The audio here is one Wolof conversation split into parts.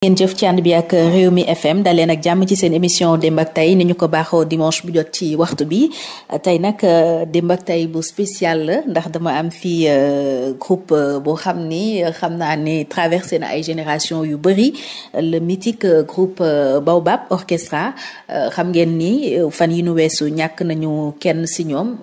ngeen jëf ci ànd bi ak mi FM daleen ak jàmm ci seen émission démb ak tay ñu ko baaxoo dimanche bu jot ci waxtu bi tey nag démb ak tay bu spécial la ndax dama am fii euh, groupe euh, boo xam ni euh, xam naa ni traversé na ay génération yu bëri le mythique groupe Baobab Orchestra xam ngeen ni fan yi nu weesu ñàkk nañu kenn si ñoom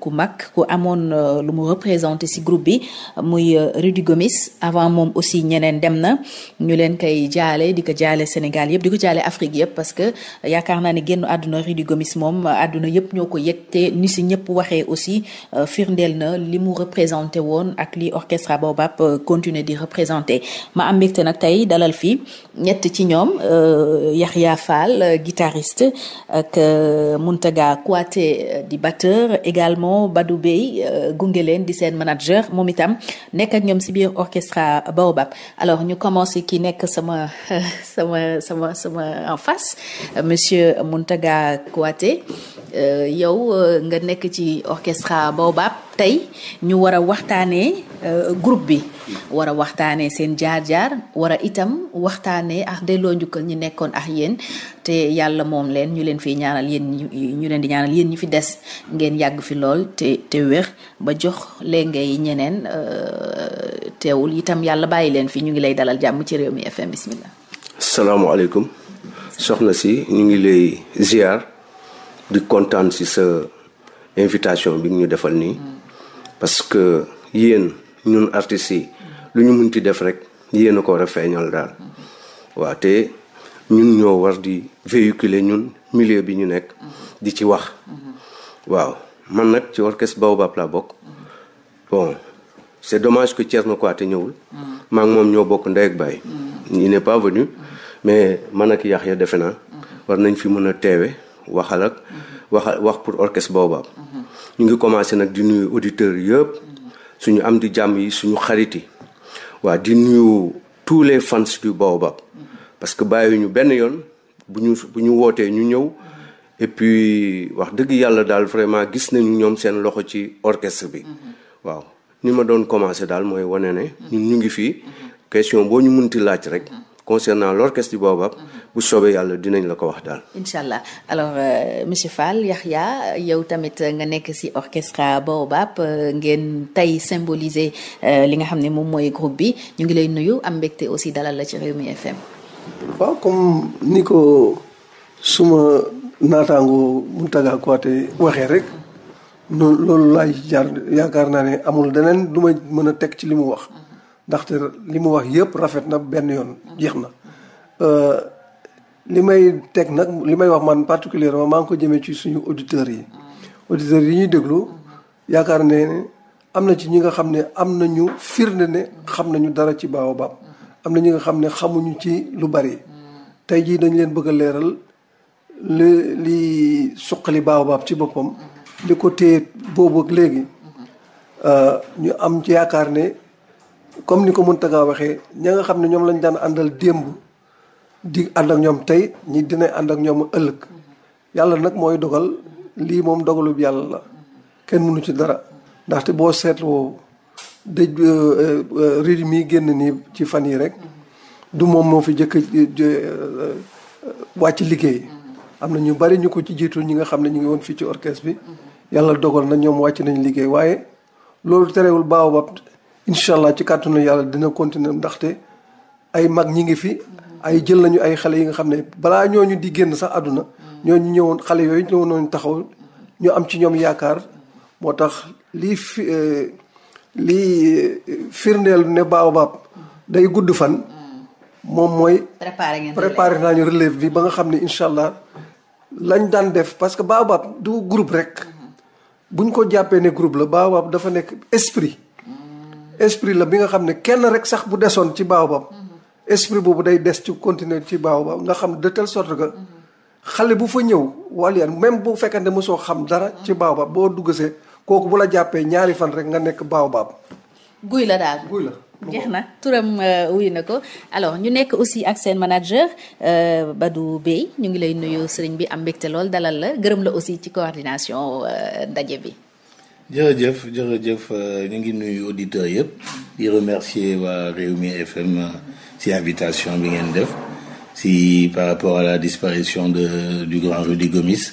ku mag ku amoon lu mu représenté si groupe bi muy Rudy Gomis avant moom aussi ñeneen dem na ñu leen kay jaale di ko jaale Sénégal yëpp di ko jaale Afrique yëpp parce que euh, yaakaar naa ne génn àdduna Rudy Gomis moom euh, àdduna yëpp ñoo ko yëg te ni si ñëpp waxee aussi euh, firndeel na li mu représenté woon ak li orchestre bapp continuer di représenté ma am mbégte nag tey dalal fii ñett ci ñoom Yaxya Fall guitariste ak Muntaga Kouaté di batteur également Badou Bey gunge leen di seen manager moom itam nekk ak ñoom si biir orchestre Baobab alors ñu commencé ki nekk sama sama sama en face euh, monsieur Mountaga Kouaté euh, yow euh, nga nekk ci orchestre Baobab tey ñu war a waxtaanee euh, groupe bi war a waxtaanee seen jaar-jaar war a itam waxtaanee ak delloo njukkal ñi nekkoon ak yéen te yàlla moom leen ñu leen fi ñaanal yéen ñu leen di ñaanal yéen ñu fi des ngeen yàgg fi lool te te wér ba jox lenge yi ñeneen euh, teewul itam yàlla bàyyi leen fi ñu ngi lay dalal jàmm ci réew mi FM bismillah. salaamaaleykum soxna si ñu ngi lay ziar di kontaan si sa invitation bi ñu defal nii. parce que yéen ñun artistes yi lu ñu mun munti def rek yéen a ko war a feeñal daal waaw te ñun ñoo war di véhiculer ñun milieu bi ñu nekk di ci wax waaw man nag ci orchestre Baobab laa bokk bon c'est ko que Thierno Kouaté ñëwul mm. maa moom ñoo bokk ndey ak baay mm. il n'est pas venu mais man ak Yaxya defe naa mm. war nañ fi mën a teewe waxal ak wax pour orchestre booba mhm. ñu ngi commencé nag di nuyu auditeurs yëpp mhm. ñu am di jàmm yi suñu xarit yi waa di nuyu tous les fans du Baobab mhm. parce que bàyyiwuñu benn yoon bu ñu bu ñu wootee ñu ñëw et puis wax dëgg yàlla daal vraiment gis nañu ñoom seen loxo ci orchestre bi waaw ni ma doon commencé daal mooy wane ne ñun ñu ngi fii question boo ñu munti laaj rek concernant l'orchestre du Baobab mhm. bu soobee yàlla dinañ la ko wax daal. incha allah alors euh, monsieur Fall Yaxya yow tamit euh, nga nekk ci orchestre Baobab euh, ngeen tey symboliser li nga xam ne moom mooy groupe bi ñu ngi lay nuyu am mbégte aussi dalal la ci Rewmi FM. waaw comme ni ko suma naataango Mountaga Kouyaté waxee rek noonu loolu laay yaakaar naa ne amul deneen du ma mën a teg ci li mu wax. ndaxte li mu wax yëpp rafet na benn yoon jeex na euh, li may teg nag li may wax man particulièrement maa ngi ko jëmee ci suñu auditeurs yi auditeurs yi ñuy déglu yaakaar ne am na ci ñi nga xam ne am nañu firnde ne xam nañu dara ci baobab am na ñi nga xam ne xamuñu ci lu bari tey jii dañ leen bëgg a leeral li li suqali baobab ci boppam li ko téye boobu ak léegi euh, ñu am ci yaakaar ne comme ni ko Mountaga waxee ña nga xam ne ñoom lañ daan àndal démb di ànd ak ñoom tey ñi dina ànd ak ñoom ëllëg yàlla nag mooy dogal lii moom dogalub yàlla la kenn mënu ci dara ndaxte boo seetloo dëj euh, euh, réew mii génn nii ci fan yi rek du moom moo fi jëkk euh, wàcc liggéey am na ñu bari ñu ko ci jiitu ñi nga xam ne ñu ngi woon fii ci orchestre bi yàlla dogal na ñoom wàcc nañ liggéey waaye loolu terewul baaw ba incha allah ci kàttanu yàlla dina continuer ndaxte ay mag ñi ngi fi. ay jël nañu ay xale yi nga xam ne balaa ñoo ñu di génn sax àdduna. ñooñu ñëwoon xale yooyu ñëw noonu taxaw ñu am ci ñoom yaakaar moo tax lii fi euh, lii euh, firndeel ne baobab day gudd fan. moom mooy. préparé ngeen préparé naa ñu relève bi ba nga xam ne incha allah lañ daan def parce que baobab du groupe rek. Mm-hmm. buñ ko jàppee ne groupe la baobab dafa nekk esprit. esprit la bi nga xam ne kenn rek sax bu desoon ci baaw esprit boobu day des ci continuer ci baobab nga xam de tele sorte que xale bu fa ñëw wàllu même bu fekkante mosoo xam dara ci baobab boo dugg duggasee kooku bu la jàppee ñaari fan rek nga nekk baaw baobab. guy la daal guy la. jeex na turam euh, wuyu na ko alors ñu nekk aussi ak seen manager euh, Badou Bey ñu ngi lay nuyu sëriñ bi am mbégte lool dalal la gërëm la aussi ci coordination ndaje euh, bi. jërëjëf jërëjëf euh, ñu ngi nuyu auditeurs yëpp di remercier waa Réwmi FM euh, ci invitation bi ngeen si par rapport à la disparition de du grand Rudy Gomis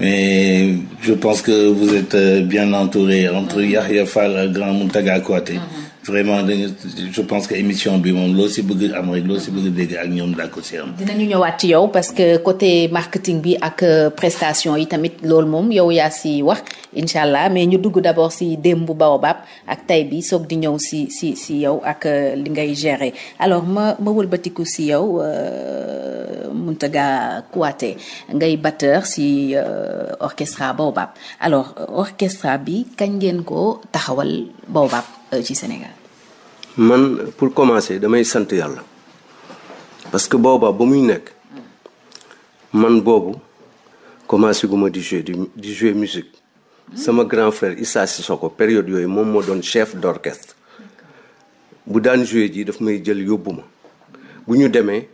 mais je pense que vous êtes euh, bien entouré entre Yahya Fall ak grand Mountaga Kouaté vraiment je pense que émission bi moom loo si bëgg am rek loo si bëgg dégg ak ñoom daa ko si am. dinañu ñëwaat ci yow parce que côté marketing bi ak euh, prestation yi tamit loolu moom yow yaa si wax incha allah mais ñu dugg d' abord si ba Baobab ak tay bi soog di ñëw si si si yow ak euh, li ngay gérer alors ma ma wëlbatiku si yow euh, Mountaga Kouaté ngay batteur si orchestra Baobab alors orchestra bi kañ ngeen ko taxawal Baobab ci Sénégal. man pour commencer damay sant yàlla parce que booba ba muy nekk man boobu commencé gu ma di jouer di jouer musique sama grand frère Issa ko période yooyu moom moo doon chef d'orchestre bu daan jouer ji dafa may jël yóbbu ma bu ñu demee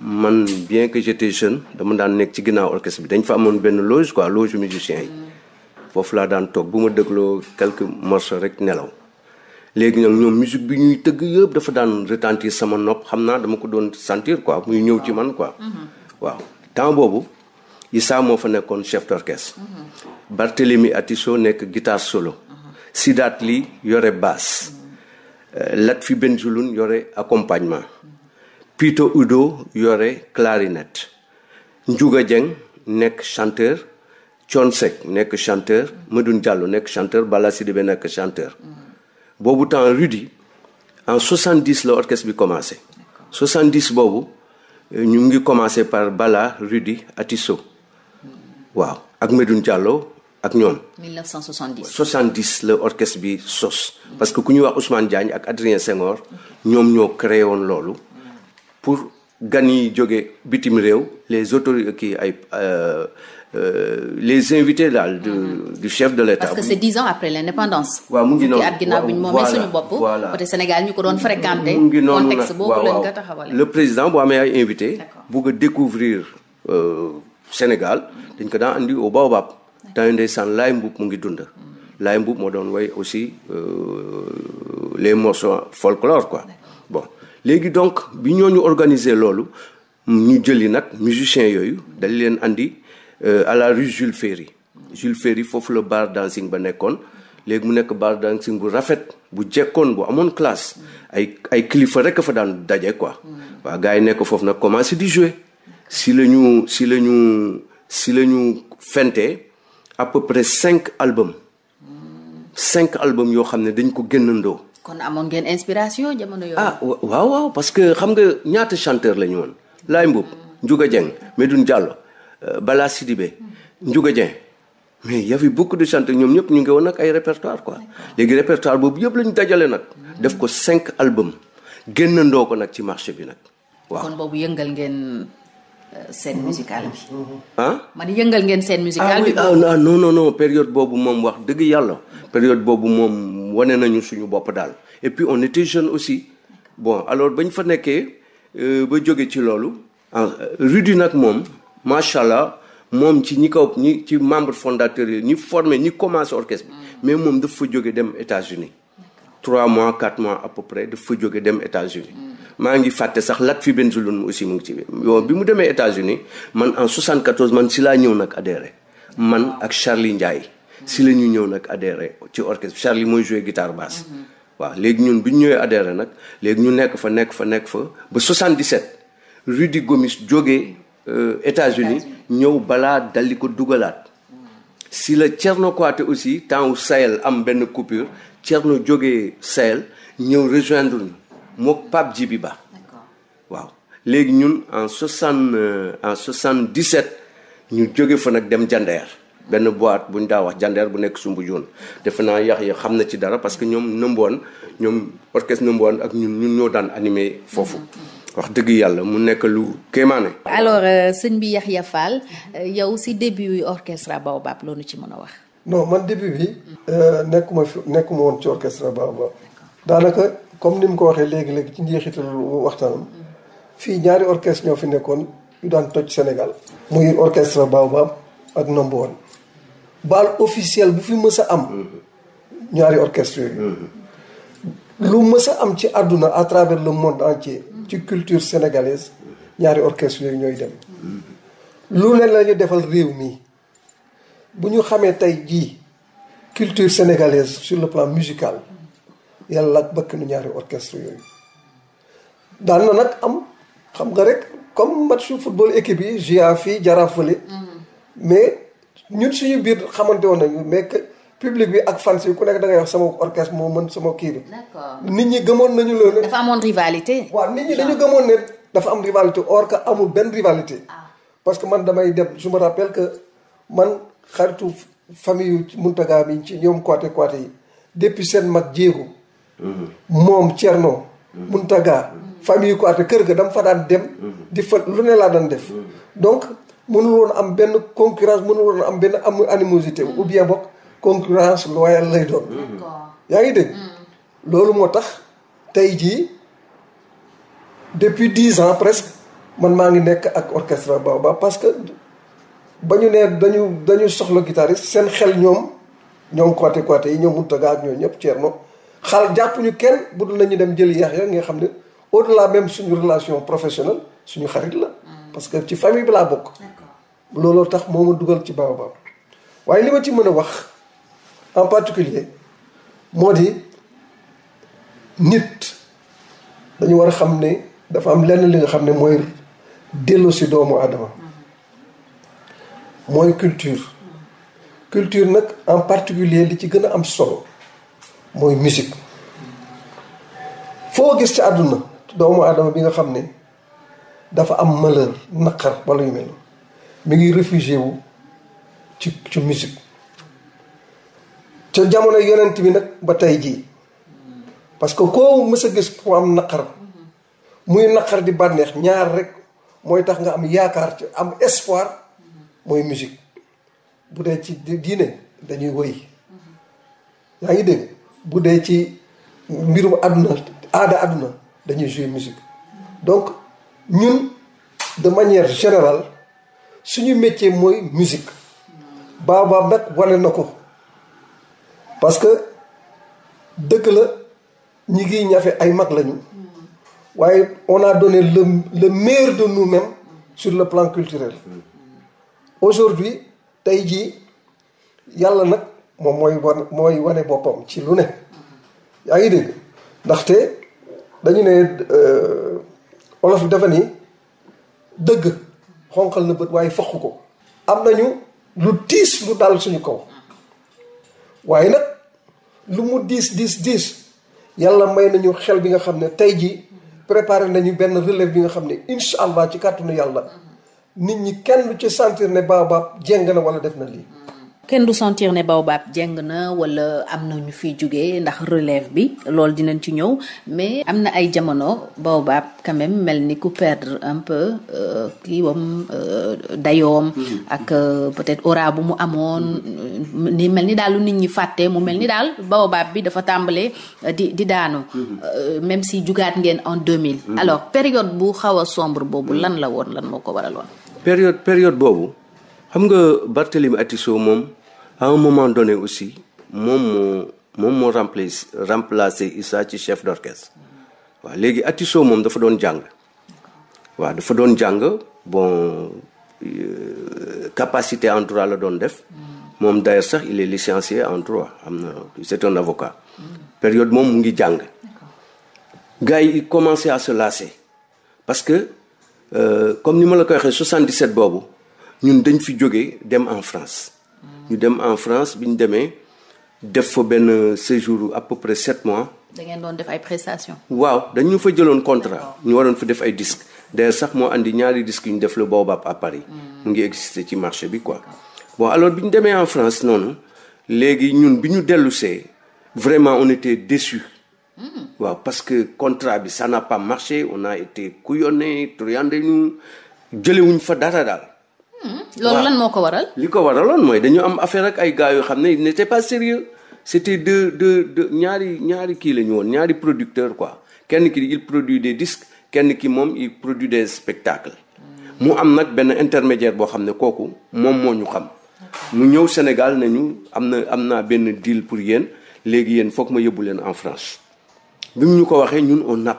man bien que j'étais jeune dama daan nekk ci ginnaaw orchestre bi dañ fa amoon benn loge quoi loge musicien yi foofu laa daan toog bu ma dégloo quelques morceaux rek nelaw léegi nag ñoom musique bi ñuy tëgg yëpp dafa daan retentir sama nopp xam naa dama ko doon sentir quoi muy ñëw ci man ko waaw temps boobu Issa moo fa nekkoon chef d'orchestre. Mm-hmm. Barthélemy Atisso nekk guitare solo. Mm-hmm. Sidaat li yore basse. Mm-hmm. Euh, Latfi Benzouloun yore accompagnement. Pito Udo yore clarinette. Ndiouga Dieng nekk chanteur. Thione Seck nekk chanteur. Medoune Diallo nekk chanteur Bala Sidibé nekk chanteur. boobu temps Rudy en 70 la orchestre bi commencé. 70 boobu euh, ñu ngi commencé par Bala Rudy Atisso waaw ak Medoune Diallo ak ñoom. 1970 70 la orchestre bi sos. parce que ku ñuy wax Ousmane Diagne ak Adrien Senghor ñoom ñoo créé woon loolu pour gan yi jóge bitim réew les autorités kii ay. Euh, Euh, les invités daal du mhm. du chef de l'État. parce que c'est dix ans après l'indépendance. mu ngi noonu at ginnaaw bi ñu ñu ko doon fréquenté. mu ngi noonu contexte boobu lañ ko taxawale. le président bu amee ay invité bugg a découvrir euh, Sénégal dañ ko daan andi au Baobab. daañu ndeysaan Laye Mboup mu ngi dund. Mm. Laye Mboup moo doon woy aussi euh, les morceaux folklore quoi. bon léegi donc bi ñooñu organiser loolu ñu jëli nag musiciens yooyu dañ leen indi Euh, à la rue Jules Ferry Jules Ferry foofu la bar dancing ba nekkoon léegi mu nekk bar dancing bu rafet bu jekkoon bu amoon classe ay ay kilifa rek fa daan daje quoi. waa yi nekk foofu nag commencé di jouer si la ñu si la ñu si la ñu fente à peu près cinq albums cinq albums yoo xam ne dañ ko génnandoo. kon amoon ngeen inspiration jamono yooyu. ah waaw waaw parce que xam nga ñaata chanteur la ñu woon. Laye Mboup Ndiouga Dieng Medoune Diallo. Euh, Bala Sidibé Ndiouga Dieng mais y avait beaucoup de chanteurs ñoom ñëpp ñu ngi woon nag ay répertoire quoi léegi répertoire boobu yëpp lañu ñu dajale nag def ko cinq albums génnandoo ko nag ci marché bi nag waaw kon boobu yëngal ngeen euh, scène mm-hmm. Mm-hmm. ngeen scène musicale bi ah, ah non période boobu moom wax dëgg yàlla période boobu moom wone nañu suñu bopp daal et puis on était jeune aussi bañ fa nekkee euh, ba jóge ci loolu ah, rue nag moom macha allah moom ci ñi kaw ñi ci membre fondateur yi ñi formé ñi commencé orchestre bi mm. mais moom def fa jóge dem états uni trois mois quatre mois à peu près dafa fa jóge dem États-Unis mm. maa ngi fàtte sax Lutfi Benzalone aussi mu ngi ci yow bi mu demee états uni man en 74 man si laa ñëw nag adhéré man ak Charlie Ndiaye mm. si la ñu ñëw nag adhéré ci orchestre Charlie mooy joué guitare basse mm-hmm. waaw léegi ñun bi ñu ñëwee adhéré nag léegi ñu nekk fa nekk fa nekk fa ba 77 Rudy Gomis jógee Euh, États-Unis ñëw balaa dal daldi ko dugalaat si la Thierno Kouaté aussi temps wu Sahel am benn coupure Thierno jóge Sahel ñëw rejoindre ñu mook Pape jibi Ba waaw léegi ñun en soixante euh, en soixante dix sept ñu jóge fa nag dem Jandeer benn boîte bu ñu daa wax Jandeer bu nekk Soumbédioune defe naa yax yi xam na ci dara parce que ñoom nëmboon ñoom orchestre nëmboon ak ñun ñun ñoo daan animé foofu. Mm-hmm. wax dëgg yàlla mu nekk lu kéemaane. alors euh, sëñ bi Yaxya Fall euh, yow si début yi orchestre Baobab loolu ci mën a wax. non man début bi. Euh, nekkuma fi nekkuma woon ci orchestre Baobab. daanaka comme ni mu ko waxee léegi léegi ci njeexital waxtaanam. fii ñaari orchestre ñoo fi nekkoon yu daan toj Sénégal. muy orchestre Baobab ak Number One. bal bu fi mës a am. ñaari orchestre yooyu. Mm-hmm. lu mës a am ci àdduna à travers le monde entier. ci culture sénégalaise ñaari orchestre yooyu ñooy dem lu ne la ñu defal réew mi bu ñu xamee tey jii culture sénégalaise sur le plan musical yàlla ak bëkk nu ñaari orchestre yooyu daan nag am xam nga rek comme matchu football équipe yi jia fii jaraaf fële mm. mais ñun suñu biir xamante woon nañu mais public bi ak fan yi ku nekk da ngay wax sama orchestre moo mën sama kii bi. nit ñi gëmoon nañu loolu. dafa amoon rivalité. waaw nit ñi dañu gëmoon dafa am rivalité or que amul benn rivalité. Ah. parce que man damay dem je me pel que man xaritu famille yu Muntaga bi ci ñoom Koité Koité yi depuis seen mag jéego. Mhm. moom Thierno. Mhm. Muntaga mhm. famille Koité kër gi dama fa daan dem. di fa lu ne laa daan def. donc mënul woon am benn concurrence mënul woon am benn amu animosité ou bien bokk. concurrence loyale lay doon. yaa ngi dégg. Hmm. loolu moo tax tey jii depuis dix ans presque man maa ngi nekk ak orchestre Baobab parce que ba ñu nee dañu dañu soxla guitariste seen xel ñoom ñoom Koité Koité yi ñoom Moutaga ak ñoom ñëpp Thierno xaal jàpp ñu kenn bu dul nañu dem jël yaax ya nga xam ne au la même suñu relation professionnelle suñu xarit la. Hmm. parce que ci famille bi laa bokk. looloo tax moom ma dugal ci Baobab waaye li ma ci mën en particulier moo di nit dañu war a xam ne dafa am lenn li nga xam ne mooy dellu si doomu aadama mooy culture culture nag en particulier li ci gën a am solo mooy musique foo gis ci àdduna doomu aadama bi nga xam ne dafa am malheur naqar wala yu mel mi ngi réfugié ci ci musique ca jamono yonent bi nag ba tey jii parce que koo mës a gis ku am naqar muy naqar di bànneex ñaar rek mooy tax nga am yaakaar ci am espoir mooy musique bu dee ci diine dañuy woy yaa ngi dégg bu dee ci mbirum àdduna aada àdduna dañuy jouer musique donc ñun de manière générale suñu métier mooy musique baabaab nag wane na ko parce que dëgg la ñi ngi ñafe ay mag lañu waaye on a donné le meilleur de nous sur le plan culturel aujourd'hui tey jii yàlla nag moom mooy wan mooy wane boppam ci lu ne yaa ngi dégg ndaxte dañu ne euh, olof dafa ni dëgg xonqal na bët waaye faq ko am nañu lu tiis lu dal suñu kaw waaye nag lu mu diis diis diis yàlla may nañu xel bi nga xam ne tey jii préparé nañu benn relève bi nga xam ne incha allah ci kàttanu yàlla nit ñi kenn lu ci sentir ne baobab jéng na wala def na lii. kenn du sentir ne baobab jeng na wala am na ñu fi jógee ndax relève bi loolu dinañ ci ñëw mais am na ay jamono baobab quand mel ni ku perdre un peu euh, kii wam euh, dayoom mm-hmm. ak euh, peut-être aura bu mu amoon mm-hmm. ni mel ni daal lu nit ñi fàtte mu mel ni daal baobab bi dafa tàmbalee di di daanu mm-hmm. même si jugaat ngeen en mille alors période bu xaw a sombre boobu lan la woon lan moo ko waraloon période période boobu xam nga Barthélemy Atisso moom à un moment donné aussi moom moom moo remplacé remplacé Issa ci chef d'orchestre waaw léegi Atiso moom dafa doon jàng waaw dafa doon jàng bon euh, capacité en droit la doon def moom d'ailleurs sax il est licencié en droit am na c'est un avocat période moom mu ngi jàng gars yi commencé à se lasser parce que euh, comme ni ma la ko waxee 77 boobu ñun dañ fi jógee dem en France ñu dem en France bi ñu demee def fa benn séjour à peu près sept mois. da ngeen doon def ay prestations. waaw dañu fa jëloon contrat. ñu waroon fa def ay disques. d'ailleurs sax moo indi ñaari disques yu ñu def la Baobab à Paris. Hmm. mu ngi exister ci marché bi quoi. bon alors bi ñu demee en France noonu léegi ñun bi ñu dellusee vraiment on était déçus. Hmm. waaw parce que contrat bi ça n'a pas marché on a été couillonné truandé ñu jëlewuñ fa dara daal. Hmm? loolu lan moo ko waral. li ko waral waraloon mooy dañu am affaire ak ay gars yoo xam ne ils te pas sérieux c'était de de ñaari ñaari kii la ñu woon ñaari producteur quoi kenn ki il produit des disques kenn ki moom il produit des spectacles. mu am nag benn intermédiaire boo xam ne kooku moom moo ñu xam. mu ñëw Sénégal nañu am na am naa benn deal pour yéen léegi yéen foog ma yóbbu leen en France. bi mu ñu ko waxee ñun on n'a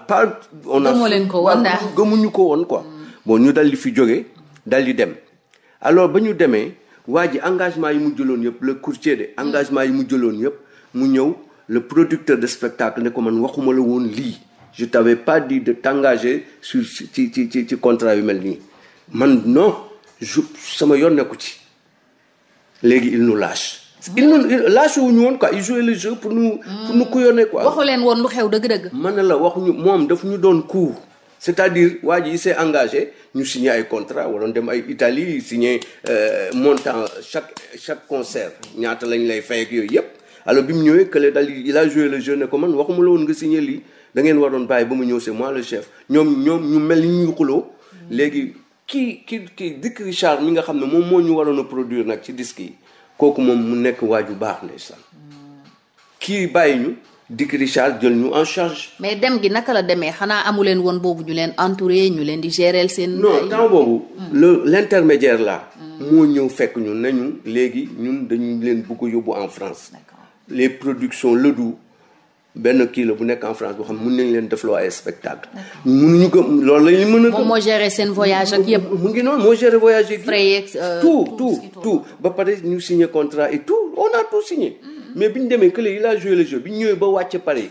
on a gëmoo leen ko woon gëmuñu ko woon quoi. Hmm. bon ñu dal di fi jóge dal di dem. alors ba ñu demee waa ji engagement yi mu jëloon yëpp la courtier de engagement yi mu jëloon yëpp mu ñëw le producteur de spectacle ne ko man waxuma la woon lii je t'avais pas dit de t'engager su ci ci ci ci contrat yu mel nii man non sama yoon nekku ci léegi il nous lâche. il nous lâche wu ñu woon quoi il jouait le jeu pour nous. pour nous couillonner ko waxu leen woon lu xew dëgg-dëgg. mën la waxuñu moom daf ñu doon coup. c'est-à-dire waa ji il engagé ñu signé ay contrat waroon dem ay Italie signé euh, montant chaque chaque concert ñaata lañ lay fay ak yooyu yëpp alors bi mu ñëwee kële daal il a joué le jeu ne ko man waxuma la woon nga signé lii da ngeen waroon bàyyi ba mu ñëw se moi le chef ñoom ñoom ñu mel ni ñu xuloo léegi kii kii kii Dick Richard mi nga xam ne moom moo ñu waroon a produire nag ci disque yi kooku moom mu nekk waaju baax ndeysaan kii bàyyi ñu Dick Richard jël ñu en charge. mais dem gi naka la demee xanaa amu leen woon boobu ñu leen entouré ñu leen di gérer seen. non temps boobu. Mm. le l' intermédiaire là. Mm. moo ñëw fekk ñu nañu léegi ñun dañu leen bëgg a yóbbu en France. les productions du benn kii la bu nekk en France boo xam ne mën nañ leen defloo ay spectacle mënuñu ko loolu la mën a. moo gérer seen voyage ak yëpp. mu ngi noonu moo gérer voyage yi. frais euh, tout tout tout ba pare ñu signer contrat mais bi ñu demee que léegi il a joué le jeu bi ñu ñëwee ba wàcce Paris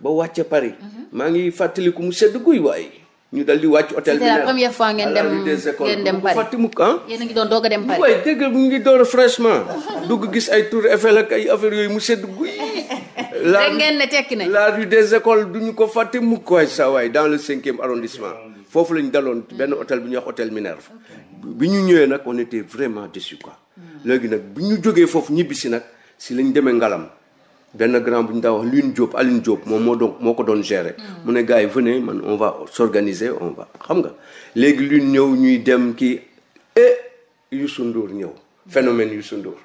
ba wàcce Paris. Mhm. maa ngi fàttaliku mu sedd guy waaye. ñu dal di wàcc hôtel bi. la première fois ngeen dem dem Paris fàtte mukk ah. yéen a ngi doon doog a dem ay tour Eiffel ak ay yooyu mu sedd guy. la ngeen ne la des écoles du ñu ko fàtte mukk waay saa waay dans le cinquième arrondissement. foofu la ñu daloon benn hôtel bu ñuy wax hôtel Minerve. bi ñu ñëwee nag on était vraiment déçu quoi. Hmm. léegi nag bi ñu jógee foofu ñibbisi nag si lañ demee ngalam benn grand bu ñu daa wax Lune Diop Aline Diop moom moo doon moo ko doon gérer. Mm. mu ne gars yi venez man on va s'organiser on va xam nga léegi Lune ñëw ñuy dem kii et eh, Youssou Ndour ñëw mm. phénomène yu Ndour.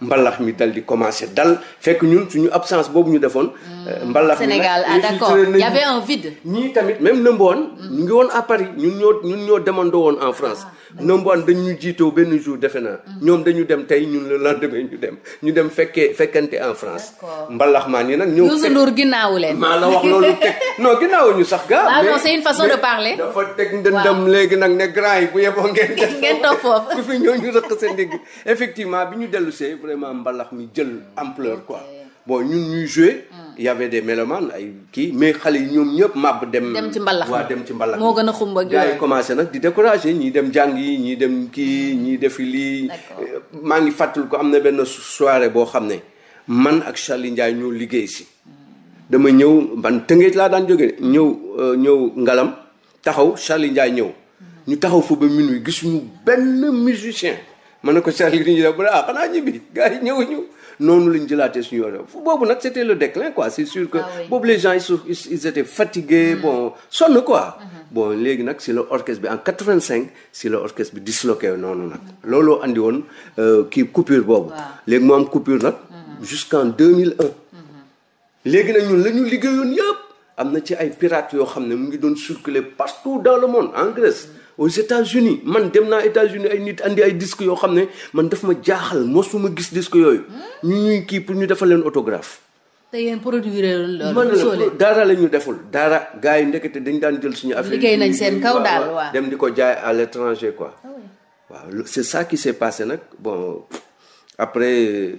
mbalax mi dal di commencé dal fekk ñun suñu absence boobu ñu defoon. Hmm. Euh, mbalax mi nag Sénégal ah d'accord y avait un vide. ñii tamit même Number One hmm. ñu ngi woon à Paris ñun ñoo ñun ñoo demandoo woon en France. Ah, Number One dañu ñu jiitoo benn jour defe naa. Hmm. ñoom dañu dem tey ñun le lendemain ñu dem ñu dem fekkee fekkante en France. mbalax maa nii nag ñëw. Youssou Ndour ginnaawu leen. maa la wax loolu teg non ginnaawu sax gaa. waaw non façon de parler. dafa teg ndëndam léegi nag ne grand yi bu yeboo ngeen. ngeen foofu ku fi ñëw ñu rëq seen dégg effectivement bi ñu dellu dellu see vraiment mbalax mi jël ampleur quoi bon ñun ñuy joué mm. y avait des ay kii mais xale yi ñoom ñëpp màbb dem dem ci mbalax waaw dem ci mbalax moo gën a xumba gars yi commencé nag di découragé ñii dem jàng yi ñii dem kii mm. ñii defi lii euh, maa ngi fàttali am na benn soirée boo xam ne man ak Charlie Ndiaye ñoo liggéey si mm. dama ñëw man tëngeej laa daan jóge ñëw euh, ñëw ngalam taxaw Charlie ñëw ñu taxaw fa ba minuit gisuñu benn musicien ma ne ko Saint-Louis ñu ne ah xanaa ñibbi gars yi ñëwuñu noonu lañ jëlaatee suñu yoon boobu nag c'était le déclin quoi c'est sûr que ah boobu les gens mm. bon sonn quoi mm-hmm. bon léegi nag si la orchestre bi en cinq si la orchestre bi disloqué noonu nag looloo andi woon euh, kii coupure boobu léegi mu am coupure nag mm-hmm. jusqu'en 2001 mm-hmm. léegi nag ñun la ñu liggéeyoon yëpp am na ci ay pirates yoo xam ne mu ngi doon circuler partout dans le monde en Grèce aux États-Unis man dem naa États-Unis ay nit andi ay disques yoo xam ne man def ma jaaxal mosuma gis disque yooyu. ñu ñuy kii pour ñu defal leen autographe. te yéen produire loolu dara la ñu deful daara gars yi ndekete dañ daan jël suñu affaire liggéey nañ seen kaw daal waaw dem di ko jaay à l'étranger quoi. Ah waaw c'est ça qui s'est passé nag bon après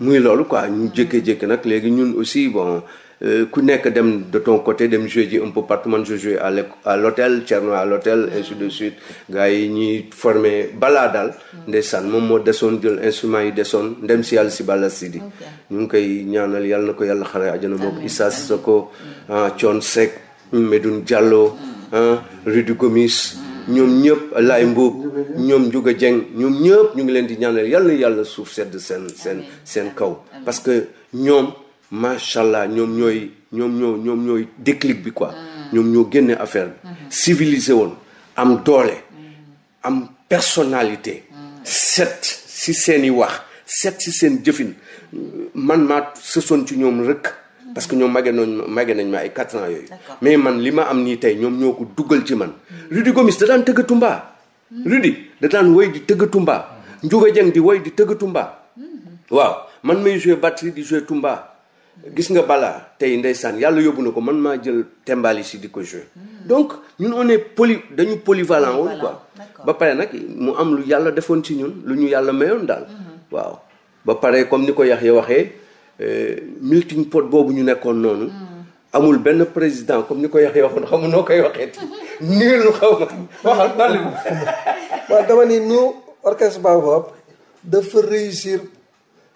muy loolu quoi ñu jékki-jékki nag léegi ñun aussi bon. Euh, ku nekk dem de ton côté dem jouer ji un peu partout man je jouais à l' à l'hôtel Thierno à l'hôtel ainsi de suite gars yi ñuy formé balaa daal ndeysaan moom moo desoon jël instrument yi desoon ndem si yàlla si bala sidi ñu ngi koy ñaanal yàlla na ko yàlla xare àjjana moom Issa Sissoko ah, Thione Seck Medoune Diallo mm. ah, Rudy Gomis mm. ñoom ñëpp Laay mm. Mbuub ñoom Ndiouga Dieng ñoom ñëpp ñu ngi leen di ñaanal yàlla yàlla suuf sedd seen seen seen kaw parce ñoom macha allah ñoom ñooy ñoom ñoo ñoom ñooy déclic bi quoi. ñoom ñoo génne affaire bi. civilisé woon am doole. am personnalité. set si seen i wax set si seen jëfin man maa ñoom rek. parce que ñoom màggee nañ màggee nañ ma ay quatre ans yooyu. mais man li ma am nii tey ñoom ñoo ko duggal ci man. Rudy Gomis da daan tëgg tumbaa. Rudy da daan woy di tëgg tumbaa. Ndiouga di woy di tëgg tumbaa. Hmm. waaw man may joué batterie di joué tumbaa. gis nga balaa tey ndeysaan yàlla yóbbu na ko man maa jël tembali si di ko joué. donc ñun on est poly dañu polyvalent woon quoi. ba pare nag mu am lu yàlla defoon ci ñun lu ñu yàlla mayoon daal. Mhm. waaw ba pare comme ni ko Yaxya waxee euh, melting pot boobu ñu nekkoon noonu. Mhm. amul benn président comme ni ko Yaxya waxoon xamu noo koy waxee nii lu xaw ma waxal waaw dama ni nu orchestre Baobab dafa réussir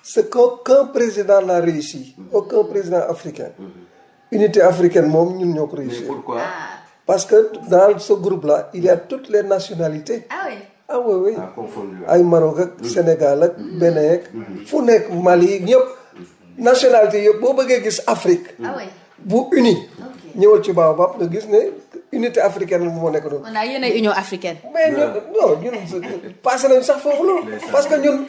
ce qu'aucun président la réussi mm-hmm. aucun président africain mm-hmm. unité africaine moom ñun ñoo ko réussir pourquoi ah. parce que dans ce groupe là il y toutes les nationalités ah oui ah oui oui ah, ay Maroc ak mm-hmm. Sénégal ak Bénin ak fu nekk Mali ñëpp nationalité yëpp boo bëggee gis Afrique ah bu uni ñëwal ci Baobab nga gis ne unité africaine moo nekk noonu. voilà yéen ay union africaine. mais ñun non sax foofu loolu. parce que ñun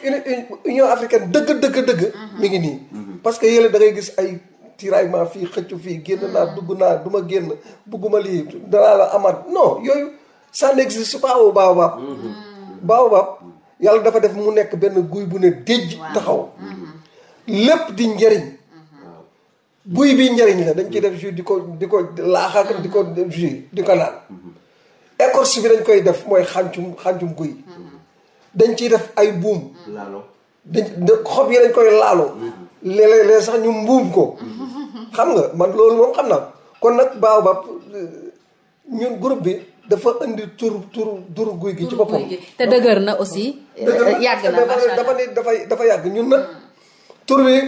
union africaine dëgg dëgg dëgg. Mhm. mi ngi nii. Mhm. parce que yële dangay ngay gis ay tiraillement fii xëccu fii génn naa dugg naa du ma génn bugguma lii danaa la amaat non yooyu ça n'existe pas au Baobab. Mhm. Baobab yàlla dafa def mu nekk benn guy bu ne déj taxaw lépp di njëriñ. buy bi njariñ la dañ ciy def jus di ko di ko laaxal di ko jus di ko naan mm-hmm. écorce bi dañ koy def mooy xàncum xàncum guy mm-hmm. dañ ciy def ay buum dañ xob yi dañ koy laalo mm-hmm. léeg-léeg sax ñu mbuum ko xam nga man loolu moom xam naa kon nag baobab euh, ñun groupe bi dafa indi tur tur turu guy gi ci boppam te dëgër na aussi yàgg na dafa ne dafay dafa yàgg ñun nag tur bi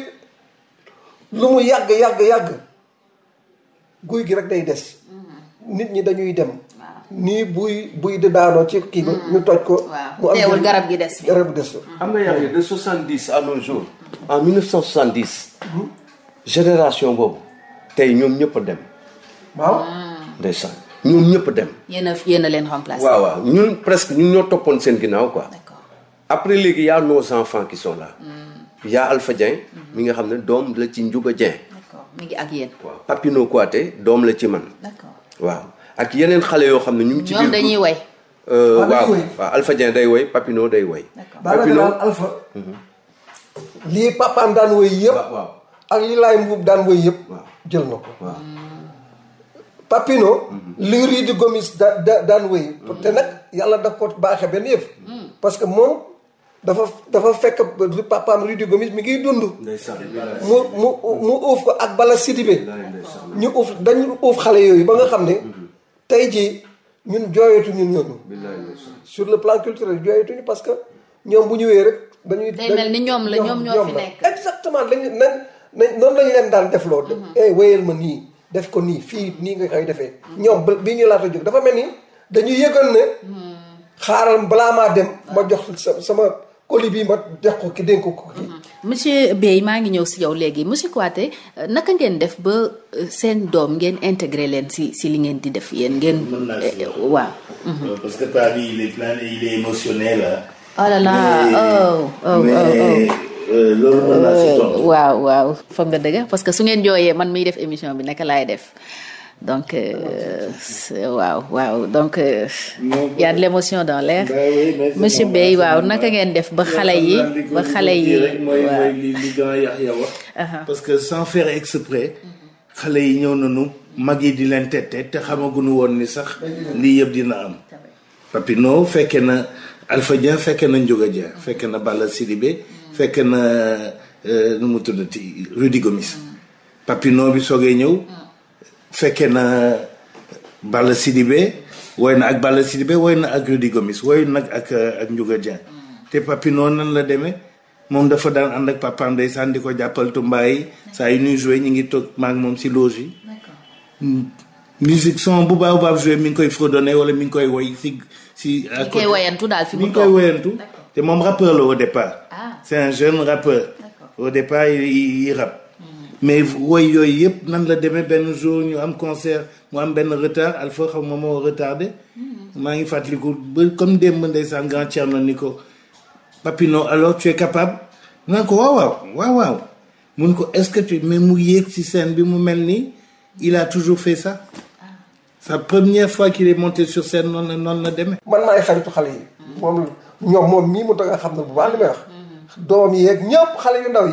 lu mu yàgg yàgg yàgg guy gi rek day des. Mm-hmm. nit ñi dañuy dem. nii buy buy di daanoo ci kii ba mm-hmm. ñu toj ko. mu am teewul garab gi des. garab des am na yaa ngi de 70 à nos jours. Mm-hmm. en 1970. génération boobu tey ñoom ñëpp dem. waaw mm. ndeysaan ñoom ñëpp a dem. yéen a yéen a leen remplacé. waaw waaw ñun presque ñun ñoo toppoon seen ginnaaw ko après léegi y a nos enfants qui sont là. Mm. yaa Alpha Dieng. Mhm. mi nga xam ne doom la ci Ndiouga Dieng. d'accord mi ngi ak yéen. Papino Kouaté doom la ci man. d'accord waaw ak yeneen xale yoo xam ne ñu ngi. ci biir ñoom dañuy way. Euh, waaw waaw day woy Papino day woy. Papino Alpha. Mhm. lii papaam daan woy yëpp. ak li laay mbuub daan woy yëpp. jël na ko. Mm. Papino. Mhm. li da daan woy. te nag yàlla daf ko baaxee benn yëf. Mm. parce que moom. dafa dafa fekk papaam Rudy Gomis mi ngi dund mu mu mu uuf ko ak Bala Sidibé ñu uuf dañu uuf xale yooyu ba nga xam ne mm-hmm. tey jii ñun jooyatuñu ñun ñooñu sur le plan culturel jooyatuñu parce que ñoom bu ñëwee rek dañuy day mel ni ñoom la ñoom ñoo fi nekk exactement lañu nan nañ noonu lañu leen daan def loolu mm-hmm. eh wéyal ma nii def ko nii fii nii nga koy defee mm-hmm. ñoom bi ñu laata jóg dafa mel ni dañu yëgoon ne xaaral balaa maa dem ma jox sama oli bi ma dex ko ko mhm. monsieur Beye maa ngi ñëw si yow léegi monsieur Kouaté naka ngeen def ba euh, seen doom ngeen intégré leen si si li ngeen di def yéen ngeen euh, waaw euh, parce que Pape il est plein il est émotionnel oh là oh, oh, oh, waaw waaw nga dëgg parce que su ngeen jooyee man miy def émission bi naka laay def donc euh, waaw waaw donc euh, y a l'émotion dans l'air monsieur Beye waaw naka ngeen def ba xale yi ba xale yi waaw li dana Yaxya wax uh-huh. parce que sans faire exprès xale yi ñëw na nu mag yi di leen tette te xamaguñu woon ni sax lii yëpp dina am Papino fekke na Alpha Dia fekke na Ndiouga Dia fekke na Balla Sidibé fekke na euh, nu mu tuddati Rudy Gomis uh-huh. Papino bi soogee ñëw fekkee na Balla Sidibé woy na ak Balla Sidibé woy na ak Rudy Gomis woy nag ak eh, ak Ndiouga Dieng mm. te Papino na la demee moom dafa daan ànd ak papaam ndeysaan di ko jàppal tumbaay saa yu ñuy joué ñu ngi toog maak moom si loge yi mm, musique son bu baax ba joué mi ngi koy fredonné wala mi ngi koy woy si si ak koy woyantu daal fi mu te moom rappeur la au départ ah. c'est un jeune rappeur au départ il rappe mais woy yooyu yëpp nan la demee benn jour ñu am concert mu am benn retard Alpha xaw ma moo retardé. Mm-hmm. maa ngi fàttaliku ba comme démb ndeysaan grand Thierno ni ko Papino alors tu es capable naan ko waaw waaw waaw waaw mun ko est tu mais mu yéeg ci scène bi mu mel nii il a toujours fait ça. Ah. sa première fois qu'il est monté sur scène noonu la noonu la demee. man maay xaritu xale yi. Mm-hmm. moom ñoom moom mii mu doon nga xam ne bu baax li may wax. Mm-hmm. doom yeeg ñëpp xale yu ndaw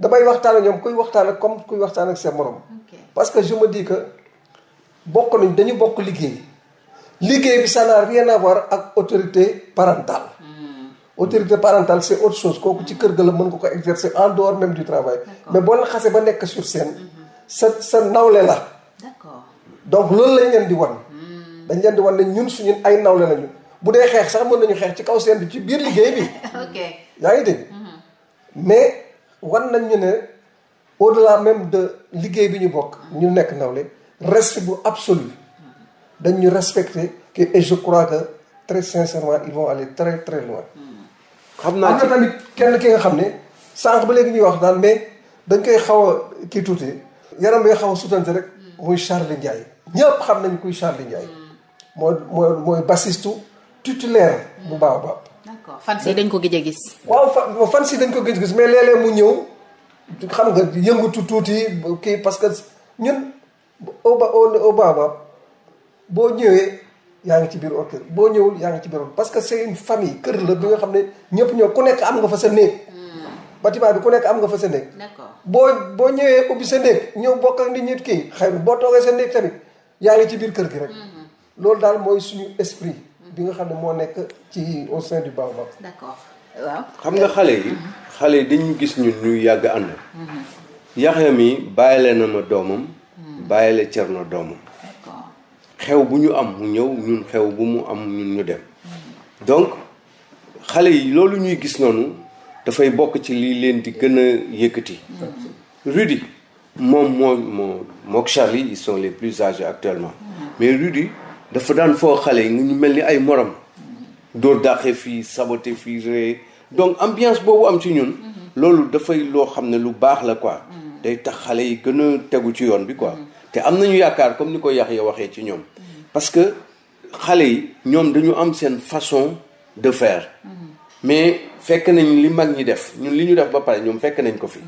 damay waxtaan ak ñoom kuy waxtaan ak comme kuy waxtaan ak seen morom. parce que je me que bokk nañ dañu bokk liggéey. liggéey bi ça n'a rien à ak autorité parentale. Hmm. autorité parentale c' est autre chose kooku ci kër ga la mën ko ko exercer en dehors même du travail. mais boo la xasee ba nekk sur scène. Hmm. sa sa nawle la. donc loolu lañ leen di wan. Hmm. dañ leen di wan ne ñun suñu ay nawle la ñu bu dee xeex sax mën nañu xeex ci kaw seen bi ci biir liggéey bi. ok yaa mais. wan nañ ñu ne au delà même de liggéey bi ñu bokk ñu nekk nawle respect bu absolu dañ ñu respecter que et je crois que très sincèrement ils vont aller très très loin. xam naa ci kenn ki nga xam ne sànq ba léegi ñuy wax daal mais dañ koy xaw a kii tuuti. yaram bi xaw a sutante rek muy Charles Ndiaye ñëpp xam nañ kuy Charles Ndiaye mm. mooy mooy mooy bassistu titulaire bu baax a baax. d'accord fan si dañ ko gëj gis. waaw fan si dañ ko gëj gis mais léeg-léeg mu ñëw xam nga yëngatu tuuti kii parce que ñun au ba boo ñëwee yaa ngi ci biir orchestre boo ñëwul yaa ngi ci biir parce que c'est une famille kër la bi nga xam ne ñëpp ñëw ku nekk am nga fa sa néeg. Hmm. bâtiment bi ku nekk am nga fa sa néeg. boo boo ñëwee ubbi sa néeg ñëw bokk ak nit ñi kii xay na boo toogee sa néeg tamit yaa ngi ci biir kër gi rek. Hmm. loolu daal mooy suñu esprit. bi nga xam ne moo nekk ci au sein du Baobab. d'accord xam nga xale yi. xale yi dañu gis ñun ñuy yàgg ànd. Mhm. Yaxya mi bàyyile na ma doomam. Mhm. bàyyile Cerno doomam. xew bu ñu am mu ñëw ñun xew bu mu am ñun ñu dem. Mhm. donc xale yi loolu ñuy gis noonu dafay bokk ci lii leen di gën a yëkkati. Rudy moom moo moo mook Charlie ils sont les plus âgés actuellement. mais Rudy dafa daan foo xale yi ñu mel ni ay morom dóor daaxee fii sabote fii ree donc ambiance boobu am ci ñun loolu dafay loo xam ne lu baax la quoi day tax xale yi gën a tegu ci yoon bi quoi te am nañu yaakaar comme ni ko Yaxya waxee ci ñoom parce que xale yi ñoom dañu am seen façon de faire mais fekk nañ li mag ñi def ñun li ñu def ba pare ñoom fekk nañ ko fi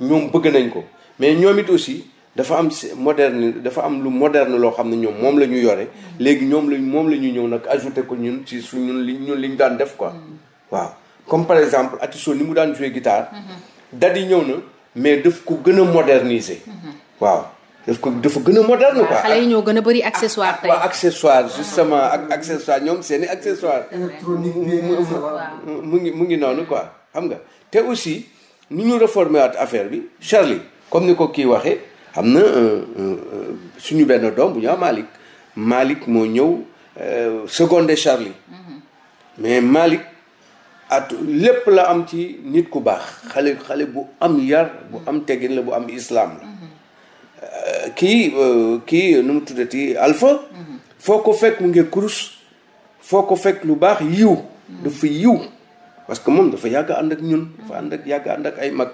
ñoom bëgg nañ ko mais ñoom aussi dafa am moderne dafa am lu moderne loo xam ne ñoom moom la ñu yore léegi ñoom lañ moom la ñu ñëw nag ajouté ko ñun ci su ñun li ñun li ñu daan def ko mm. waaw comme par exemple so ni mu daan joué guitare mm-hmm. Dadi ñëw na mais daf ko gën a moderniser mm-hmm. waaw daf ko dafa gën a moderne ko xale yi ñoo gën a bëri accessoire tey ah, ah, accessoire justement ak accessoire ñoom seen i accessoire mm-hmm. mu ngi mu ngi noonu quoi xam nga te aussi ni ñu réformé waat affaire bi Charlie comme ni ko kii waxe am na euh, euh, suñu benn doom bu ñu wax Malick moo ñëw euh, secondé Charlie mm-hmm. mais Malick at lépp la am ci nit ku baax xale xale bu am yar bu am teggin la bu am islam la mm-hmm. kii kii nu mu tuddati Alpha mm-hmm. foo ko fekk mu ngi kurus foo ko fekk lu baax yiw dafa yiw parce que moom dafa yàgg ànd ak ñun dafa ànd ak yàgg ànd ak ay mag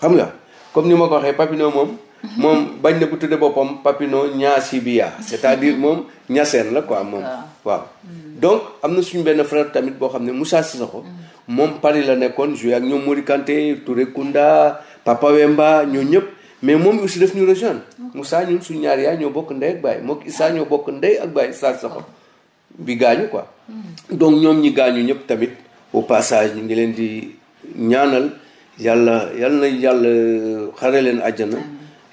xam nga comme ni ma ko waxee papino moom moom bañ na bu tudde boppam papino ñaasibiya c'est-à-dire moom ñaseen la quoi moom ah. waaw hmm. donc am na suñu benn frère tamit boo xam ne Moussa Sissoko hmm. moom Paris la nekkoon joué ak ñoom Mori Kanté Touré Kunda Papa Wemba ñoo ñëpp mais moom aussi daf ñu rejoindre Moussa ñun suñu ñaar yaa ñoo bokk ndey ak baay mook Issa ñoo bokk ndey ak baay saa Sissoko bi gaañu quoi hmm. donc ñoom ñi gaañu ñëpp tamit au passage ñu ngi leen di ñaanal yàlla yàlla na yàlla xare leen àjjana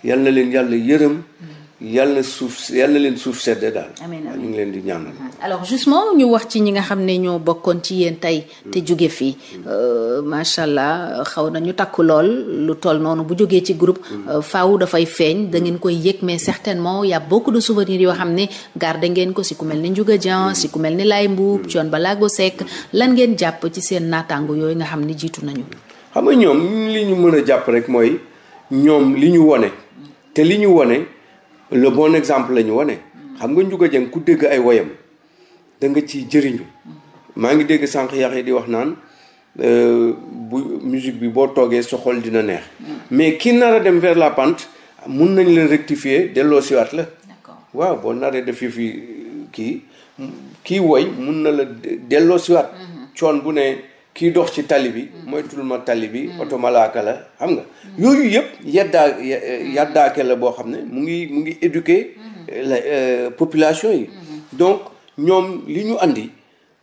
yal na leen yàlla yërëm mm. yàlla suuf yàlla leen suuf sedde daal. amiin amiin ñu leen di ñaanal. Ah, alors justement ñu wax ci ñi nga xam ne ñoo bokkoon ci yéen tey. te mm. jóge fii. Mm. Euh, macha allah xaw na ñu takk lool lu toll noonu bu jógee ci groupe. Euh, faaw dafay feeñ da ngeen koy yëg mais certainement y a beaucoup de souvenirs yoo xam ne garde ngeen ko si ku mel ni Ndiouga Dieng si ku mel ni Laye Mbuub Thione Ballago Seck lan ngeen jàpp ci seen naataango yooyu nga xam ne jiitu nañu. xam nga ñoom li ñu mën a jàpp rek mooy ñoom li ñu wone te li ñu wone le bon exemple lañu ñu wone xam nga Ndiouga Dieng ku dégg ay woyam da nga ci jëriñu maa ngi dégg sànq yax di wax naan euh, bu musique bi boo toogee sa xol dina neex mm. mais ki nar dem vers la pente mun nañ leen rectifier delloo siwaat la waaw boo naree def yëf yi kii kii woy mun na la delloo siwaat mm-hmm. coon bu ne kii dox ci tali bi mm. moytul ma tali bi mm. oto malaaka la xam nga mm. yooyu yëpp yaddaa yaddaake eh, la boo xam ne mu ngi mu ngi éduquer la euh, population yi donc ñoom li ñu andi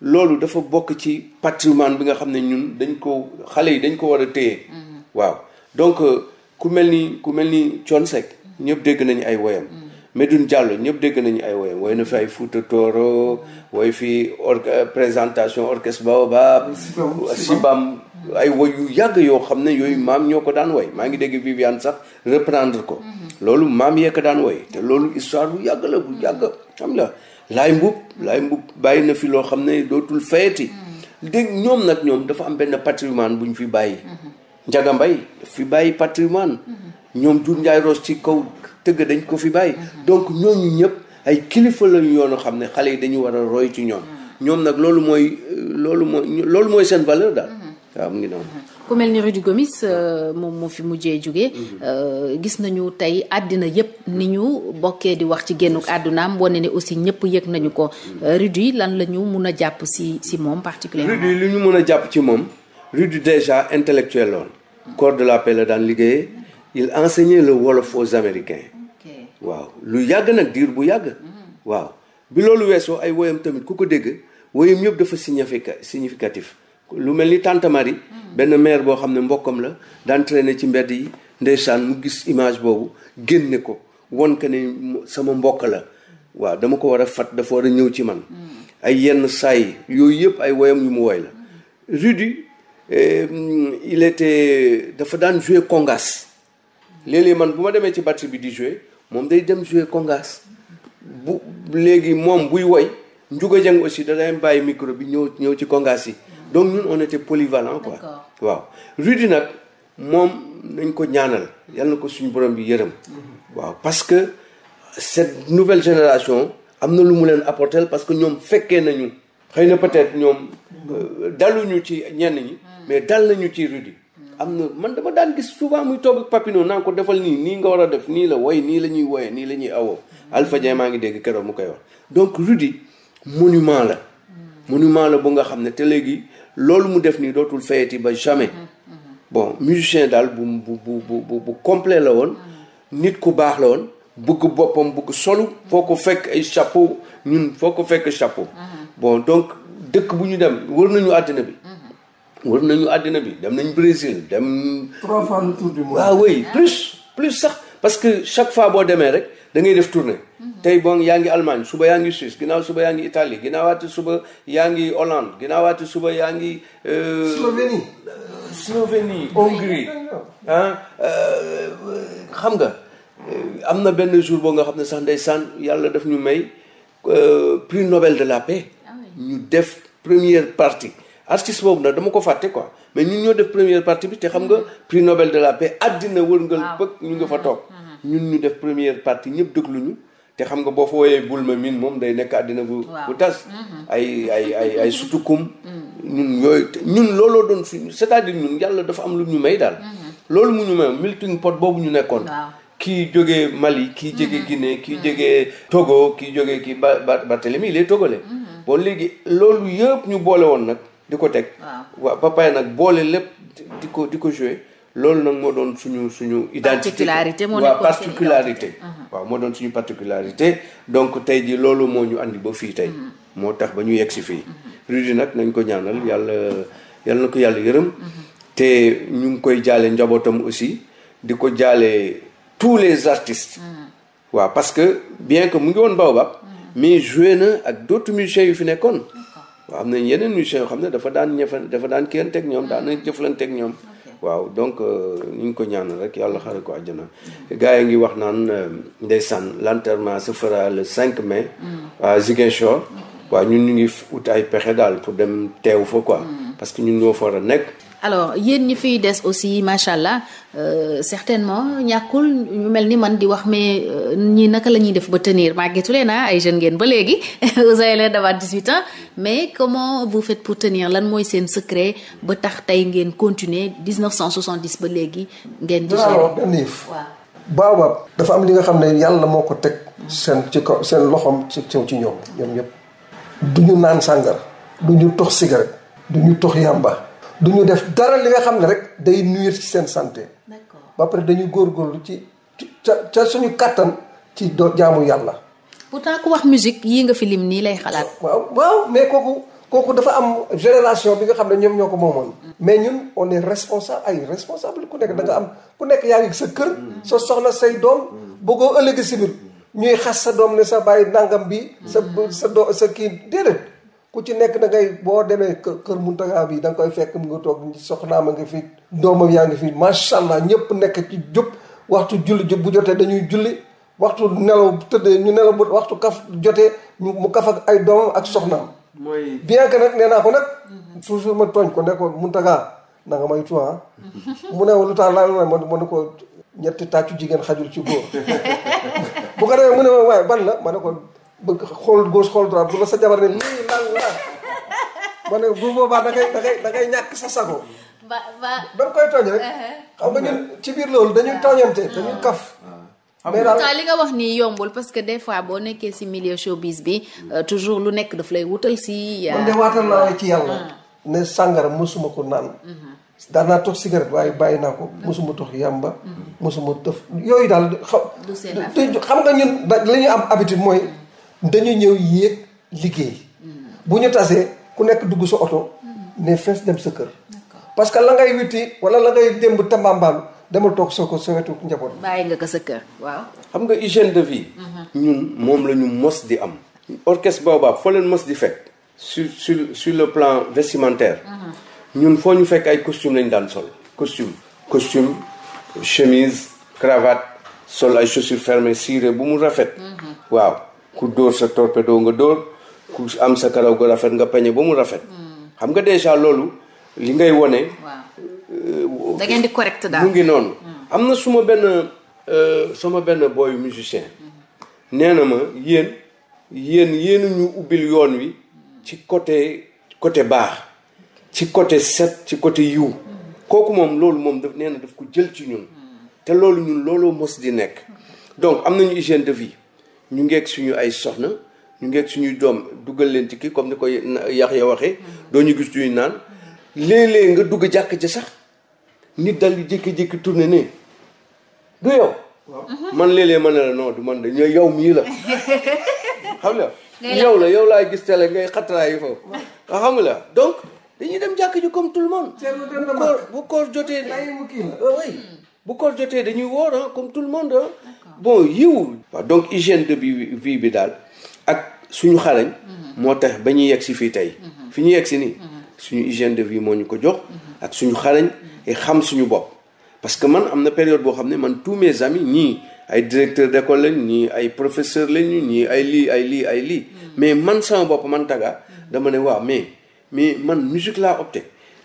loolu dafa bokk ci patrimoine bi nga xam ne ñun dañ ko xale yi dañ ko war a téye waaw donc euh, ku mel ni ku mel ni Thione Seck ñëpp dégg nañu ay woyam Medoune Diallo ñëpp dégg nañu ay woyam woy na fi ay Fouta Tooro woy fi or euh, présentation orchestre Baobab Sibam ay woy yu yàgg yoo xam ne yooyu maam ñoo ko daan woy maa ngi dégg Viviane sax reprendre ko mhm. loolu maam yee daan woy te loolu histoire bu yàgg la bu yàgg xam nga laay mbub laay mbub bàyyi na fi loo xam ne dootul fayeti mhm. dégg ñoom nag ñoom dafa am benn patrimoine bu ñu fi bàyyi mhm. Njaga fi bàyyi patrimoine ñoom Doudou Ndiaye Rose ci kaw tëgg dañ ko fi bàyyi. Mhm. donc ñooñu ñëpp ay kilifa lañu yoonu xam ne xale yi dañu war a roy ci ñoom. Mhm. ñoom nag loolu mooy loolu mooy loolu mooy seen valeur daal. Mhm. waaw mu ngi noonu. ku mel ni Rudy Gomis euh, moom moo fi mujjee jóge euh, gis nañu tey àddina yépp ni ñu bokkee di wax ci génnuk àddunaam wane ne aussi ñëpp yëg nañu ko mm. euh, Rudy lan la ñu mun a jàpp si si moom particulièrement li ñu mun a jàpp ci moom Rudy déjà intellectuel loon mm. corps de la paix daan liggéeyee il enseignait le wolof aux Américains waaw lu yàgg nag diir bu yàgg. Mm-hmm. waaw bi loolu weesoo ay woyam tamit ku ko dégg woyam yëpp dafa significa significatif. lu mel ni Tante mm-hmm. benn maire boo xam ne mbokkam la daan traîner ci mbedd yi ndeysaan mu gis image boobu génne ko won ko ne sama mbokk la waaw dama ko war a fat dafa war a ñëw ci man. Mm-hmm. ay yenn saay yooyu yëpp ay woyam yu mu woy la. Rudy il était dafa daan jouer congas léeg-léeg man bu ma demee ci batterie bi di jouer moom day dem jouer congas bu léegi moom buy woy Ndiouga Dieng aussi da bàyyi micro bi ñëw ñëw ci congas yi donc ñun on était polyvalent quoi waaw Rudy nag moom nañ ko ñaanal yal na ko suñu borom bi yërëm waaw parce que cette nouvelle génération am na lu mu leen apporter parce que ñoom fekkee nañu xëy na peut-être ñoom euh, daluñu ci ñenn ñi hmm. mais dal nañu ci Rudy am na man dama daan gis souvent muy togg ak Papino naa ko defal nii nii nga war a def nii la woy nii la ñuy woyee nii la awoo Alpha maa ngi dégg keroog mu koy wax donc Rudy monument la monument la bu nga xam ne te léegi loolu mu def nii dootul feyet yi ba jamais bon musicien daal bu bu bu bu bu complet la woon nit ku baax la woon bëgg boppam bëgg solu foo ko fekk ay chapeau ñun foo ko fekk chapeau bon donc dëkk bu ñu dem wër nañu àddina bi wër nañu àddina bi dem nañ Brésil dem. trois waaw oui plus plus sax parce que chaque fois boo demee rek da ngay def tournée. Mhm. tey bon yaa ngi Allemagne suba yaa ngi Suisse ginnaaw suba yaa ngi Italie ginnaawaati suba yaa ngi Hollande ginnaawaati suba yaa ngi. Euh, Slovénie. Slovénie Hongrie ah xam nga euh, am na benn jour boo nga xam ne sax ndeysaan yàlla daf ñu may prix Nobel de la paix. Ah ñu def première partie. artiste boobu nag dama ko fàtte quoi mais ñun ñoo def première partie bi te xam nga mm-hmm. prix Nobel de la paix àddina wërngal bëgg ñu nga fa mm-hmm. toog mm-hmm. ñun ñu def première partie ñëpp déglu ñu te xam nga boo fa wooyee bul ma miin moom day nekk àddina bu bu tas ay ay ay ay sutukum ñun yooyu ñun looloo doon suñu cest à ñun yàlla dafa am lu ñu may daal loolu mu ñu may melting pot boobu ñu nekkoon kii jógee Mali kii jógee Guinée kii jógee Togo kii jóge kii ba Barthélemy il est togolais bon léegi loolu yëpp ñu boole woon nag di ko teg waaw ba pare nag boole lépp di ko di ko joué loolu nag moo doon suñu suñu identité waaw particularité uh-huh. waaw moo doon suñu particularité donc tey ji loolu moo ñu andi ba fii tey uh-huh. moo tax ba ñu yegg si fii uh-huh. Rudy nag nañ ko ñaanal yàlla yàlla na ko yàlla yërëm te ñu ngi koy jaale njabootam aussi di ko jaale tous les artistes waaw parce que bien que mu ngi woon Baobab mais joué na ak d'autres musiciens yu fi nekkoon waaw am nañ yeneen musiciens yoo xam ne dafa daan ñefe dafa daan kenn teg ñoom daan na jëflanteeg ñoom. waaw donc ni euh, ñu ko ñaan rek yàlla xare ko àjjana. gars yi ngi wax naan euh, ndeysaan l'enterrement se fera le 5 mai. Mm. à Ziguinchor. waaw ñun ñu ngi ut ay pexe daal pour dem teew fa quoi. Mm. parce que ñun ñoo fa nekk. alors yéen ñi fiy des aussi macha allah euh, certainement ñàkkul ñu mel ni man di wax mais euh, ñi naka la ñuy def ba tenir màggetu leen ah ay jeunes ngeen ba léegi vous avez l'air mais comment vous faites lan mooy seen secret ba tax tey ngeen continuer 1970 ba léegi ngeen di gérer dafa am li nga xam ne yàlla moo ko teg seen ci kaw loxoom ci ci ñoom ñoom ñëpp du ñu naan sàngara du ñu tox cigarette du ñu tox yàmba du ñu def dara li nga xam ne rek day nuire ci seen santé. d'accord ba pare dañuy góorgóorlu ci ca ca suñu kàttan ci do jaamu yàlla. pourtant ku wax musique yii nga fi lim nii lay xalaat. waaw waaw mais kooku dafa am génération bi nga xam ne ñoom ñoo ko moomoon. mais ñun on est responsable ay responsable ku nekk da am ku nekk yaa ngi sa kër. sa soxna say doom. bëggoo ëllëg si biir ñuy xas sa doom ne sa bàyyi nangam bi sa sa do sa kii déedéet. ku ci nekk da ngay boo demee kër kër Muntaga bi da nga koy fekk mu nga toog soxnaam a ngi fi doomam yaa ngi fi macha allah ñëpp nekk ci jub waxtu julli jub bu jotee dañuy julli waxtu nelaw tëddee ñu nelaw bu waxtu kaf jotee mu kaf ak ay doomam ak soxnaam. mooy bien que nag nee naa ko nag. toujours ma tooñ ko ne ko Muntaga na nga may tuwa ah? mu ne lu tax laal man ma ne ko ñetti tàccu jigéen xajul ci góor bu ko defee mu ne ma waaye ban la ma ne ko. bëgg xool gauche xool droite bu la sa jabar ne nii nang nang ma ne bu boobaa da ngay da ngay da ngay ñàkk sa sago. ba ba da koy tooñ rek. Uh-huh. xam nga ñun ci biir loolu dañuy uh-huh. tooñante dañuy uh-huh. kaf. li nga wax nii yombul parce que des fois boo nekkee si milieu showbiz bi mm. euh, toujours lu nekk daf lay wutal si. Euh, man ci yàlla. ne sàngara mosuma ko naan. daan naa tox cigarette waaye bàyyi naa ko mosuma tox yàmba. daal xam. nga ñun am habitude mooy. dañu ñëw yéeg liggéey bu ñu tasee ku nekk dugg sa oto ne fees dem sa kër parce que la ngay witti wala la ngay démb tambaambaalu demal toog soo ko sowetu njaboot bàyyi nga ko sa kër waaw xam nga hygiène de vie mhm. ñun moom la ñu mos di am orchestre Baobab foo leen mos di fekk sur sur sur le plan vestimentaire mhm. ñun foo ñu fekk ay costume lañu daan sol costume costume chemise cravate sol ay chaussures fermées ciré bu mu rafet mhm. waaw ku dóor sa torpedo nga dóor ku am sa karaw gu rafet nga pañe ba mu rafet. Hmm. xam nga déjà loolu li ngay wone euh, da ngeen di mu ngi noonu. Hmm. am na suma benn euh, suma benn booyu musicien. Hmm. nee na ma yéen yéen yéenu ñu ubbil yoon wi ci côté côté baax ci côté set ci côté yiw kooku moom loolu moom daf nee na daf ko jël ci ñun te loolu ñun looloo mos di nekk donc am nañu hygiène de vie ñu ngeeg suñu ay soxna ñu ngeeg suñuy doom duggal leen ci kii comme ni koy yax ya waxee doo ñu gis ñuy naan léeg-léeg nga dugg jàkk ci sax nit dal di jékki-jékki tourné ne du yow mhm. man léeg-léeg ma ne la non du man de yow mii la xam nga yow la yow laay gis tele ngay xattaraayi foofu nga xam la donc dañuy dem jàkk ji comme tout le monde bu koor bu koor jotee hmm. bu koor jotee dañuy woor ah, comme tout le monde ah. bon yiwul waaw donc hygiène de vie bi daal ak suñu xarañ moo tax ba ñuy yegg si fii tey fi ñu yegg si nii suñu hygiène de vie moo ñu ko jox ak suñu xarañ et xam suñu bopp parce que man am na période boo xam ne man tous mes amis ñii ay directeur d'école lañ ñii ay professeur lañu ñii ay lii ay lii ay lii mm. mais man sama bopp man taga dama ne waaw mais mais man musique laa opté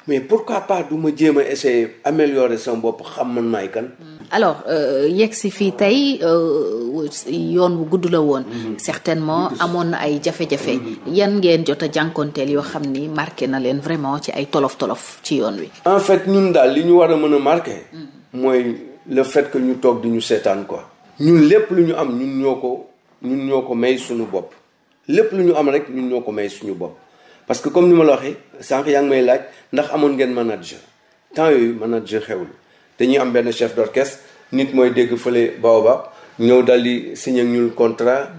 mais pourquoi pas du ma jéem a essayer améliorer sama bopp xam man maay kan. alors euh, yegg si fii tey euh, yoon wu gudd la woon. Mhm. certainement amoon na ay jafe-jafe. Mhm. yan ngeen jot a jànkonteel yoo xam ni marqué na leen vraiment ci ay tolof-tolof ci yoon wi. en fait ñun daal li ñu war a mën a marqué. Mhm. mooy le fait que ñu toog du ñu seetaan ko ñun lépp lu ñu am ñun ñoo ko ñun ñoo ko may suñu bopp lépp lu ñu am rek ñun ñoo ko may suñu bopp. parce que comme ni ma la waxee sànq yaa ngi may laaj ndax amoon ngeen manager temps yooyu manager xewul dañuy am benn chef d'orchestre nit mooy dégg fële baobab ñëw dal di signé ak contrat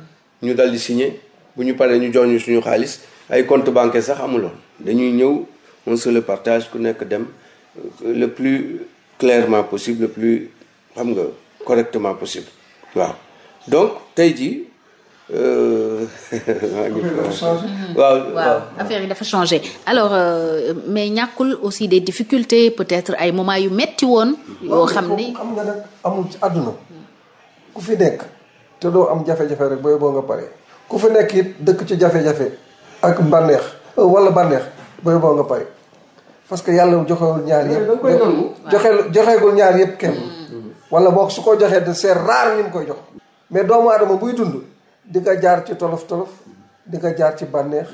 ñu dal di signé bu ñu paree ñu jox ñu suñu xaalis ay compte bancaire sax amuloon dañuy ñëw on se le partage ku nekk dem euh, le plus clairement possible le plus xam nga correctement possible waaw donc tey jii Euh, waaw waaw affaire yi dafa changé alors euh, mais ñàkkul aussi des difficultés peut-être ay moments yu metti woon. Mm-hmm. yoo xam ni xam nga nag amul àdduna. ku fi nekk te doo am jafe-jafe rek booy boo nga pare ku fi nekk it dëkk ci jafe-jafe ak bànneex euh, wala bànneex booy boo nga pare parce que yàlla joxewul ñaar yëpp. joxe joxeegul ñaar yëpp kenn. Mm-hmm. wala boo su ko joxee de c'est rare ñu koy jox. mais doomu aadama buy dund. di nga jaar ci tolof tolof di nga jaar ci bànneex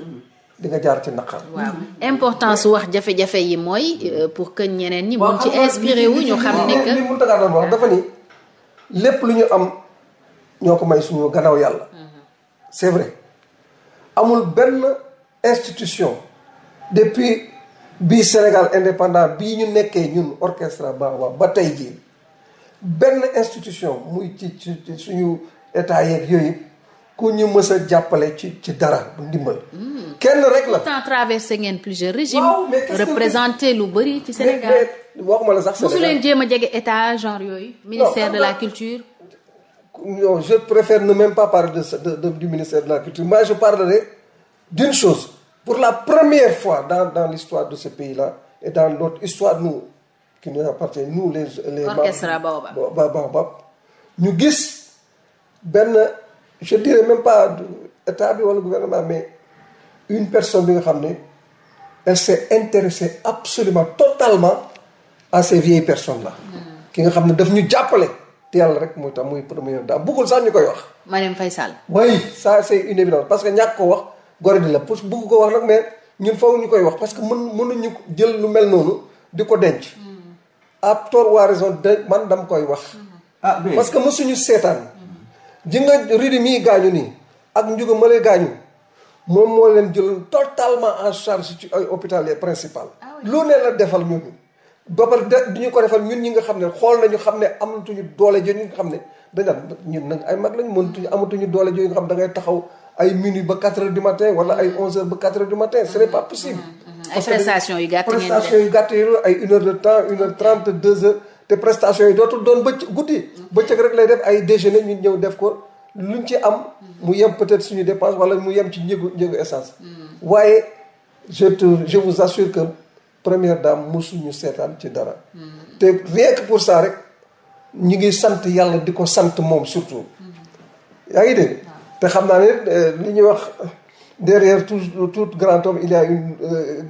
di nga jaar ci naqar. waaw importance wax jafe-jafe yi mooy euh, pour que ñeneen ñi. mun ci inspiré wu ñu xam ne que. li Mountaga wax dafa ni lépp lu ñu am ñoo ko may suñu gannaaw yàlla. Mhm. c'est vrai amul benn institution depuis bii Sénégal indépendant bii ñu nekkee ñun orchestre Baobab ba tey jii benn institution muy ci ci suñu état yeeg yooyu. ku ñu mës a jàppale ci ci dara bu ndimbal. kenn rek la pourtant traversé ngeen plusieurs régimes. waaw lu bëri ci Sénégal. mais waxuma la sax Sénégal mosu ministère de la culture. non je préfère ne même pas parler de, de, de du ministère de la culture moi je parlerai d'une chose pour la première fois dans dans l'histoire de ce pays-là et dans notre histoire nous qui nous appartient nous les les. orchestre Baobab Baobab ñu gis benn. je dirais même pas état bi wala gouvernement mais une personne bi nga xam ne elle s'est intéressée absolument totalement à ces vieilles personnes là hmm. ki nga xam ne daf ñu jàppale te yàlla rek muy tax muy première daa bëggul sax ñu koy wax Marième Faye Sall oui ça c'est une parce que ñàkk ko wax gore di la parce ko wax nag mais ñun faw ñu koy wax parce que mën mënuñu jël lu mel noonu di ko denc hmm. à tort ou à de man dam koy wax hmm. ah, parce que mësuñu seetaan ji nga ridi mii gaañu nii ak njuga ma lay gaañu moom moo leen jëloon totalement en charge ci ay hôpital les principal ah lu ne la defal ñooñu ba pare di ñu ko defal ñun ñi nga xam ne xool na ñu xam ne amatuñu doole jooju nga xam ne dañaan ñun nag ay mag lañ mënatuñu amatuñu doole jooju nga xam da ngay taxaw ay minuit ba quatre heures du matin wala ay onze heures ba quatre heures du matin ce n'est pas possible mm-hmm. mm-hmm. prestation yu gàtt ngeen def ay une heure de temps une heure trente deux heures te prestation yi dootul doon bëcc guddi bëccëg rek lay def ay déjeuner ñu ñëw def ko luñ ci am mu yem peut-être suñu dépense wala mu yem ci njëgu njëgu essence hmm. waaye je te je assure que première dame musuñu seetaan ci dara hmm. te rien pour ça rek ñu ngi sant yàlla di ko sant moom surtout hmm. yaa ngi dégg ah. te xam naa ne euh, li ñuy wax derrière tout tout grand homme il y a une euh,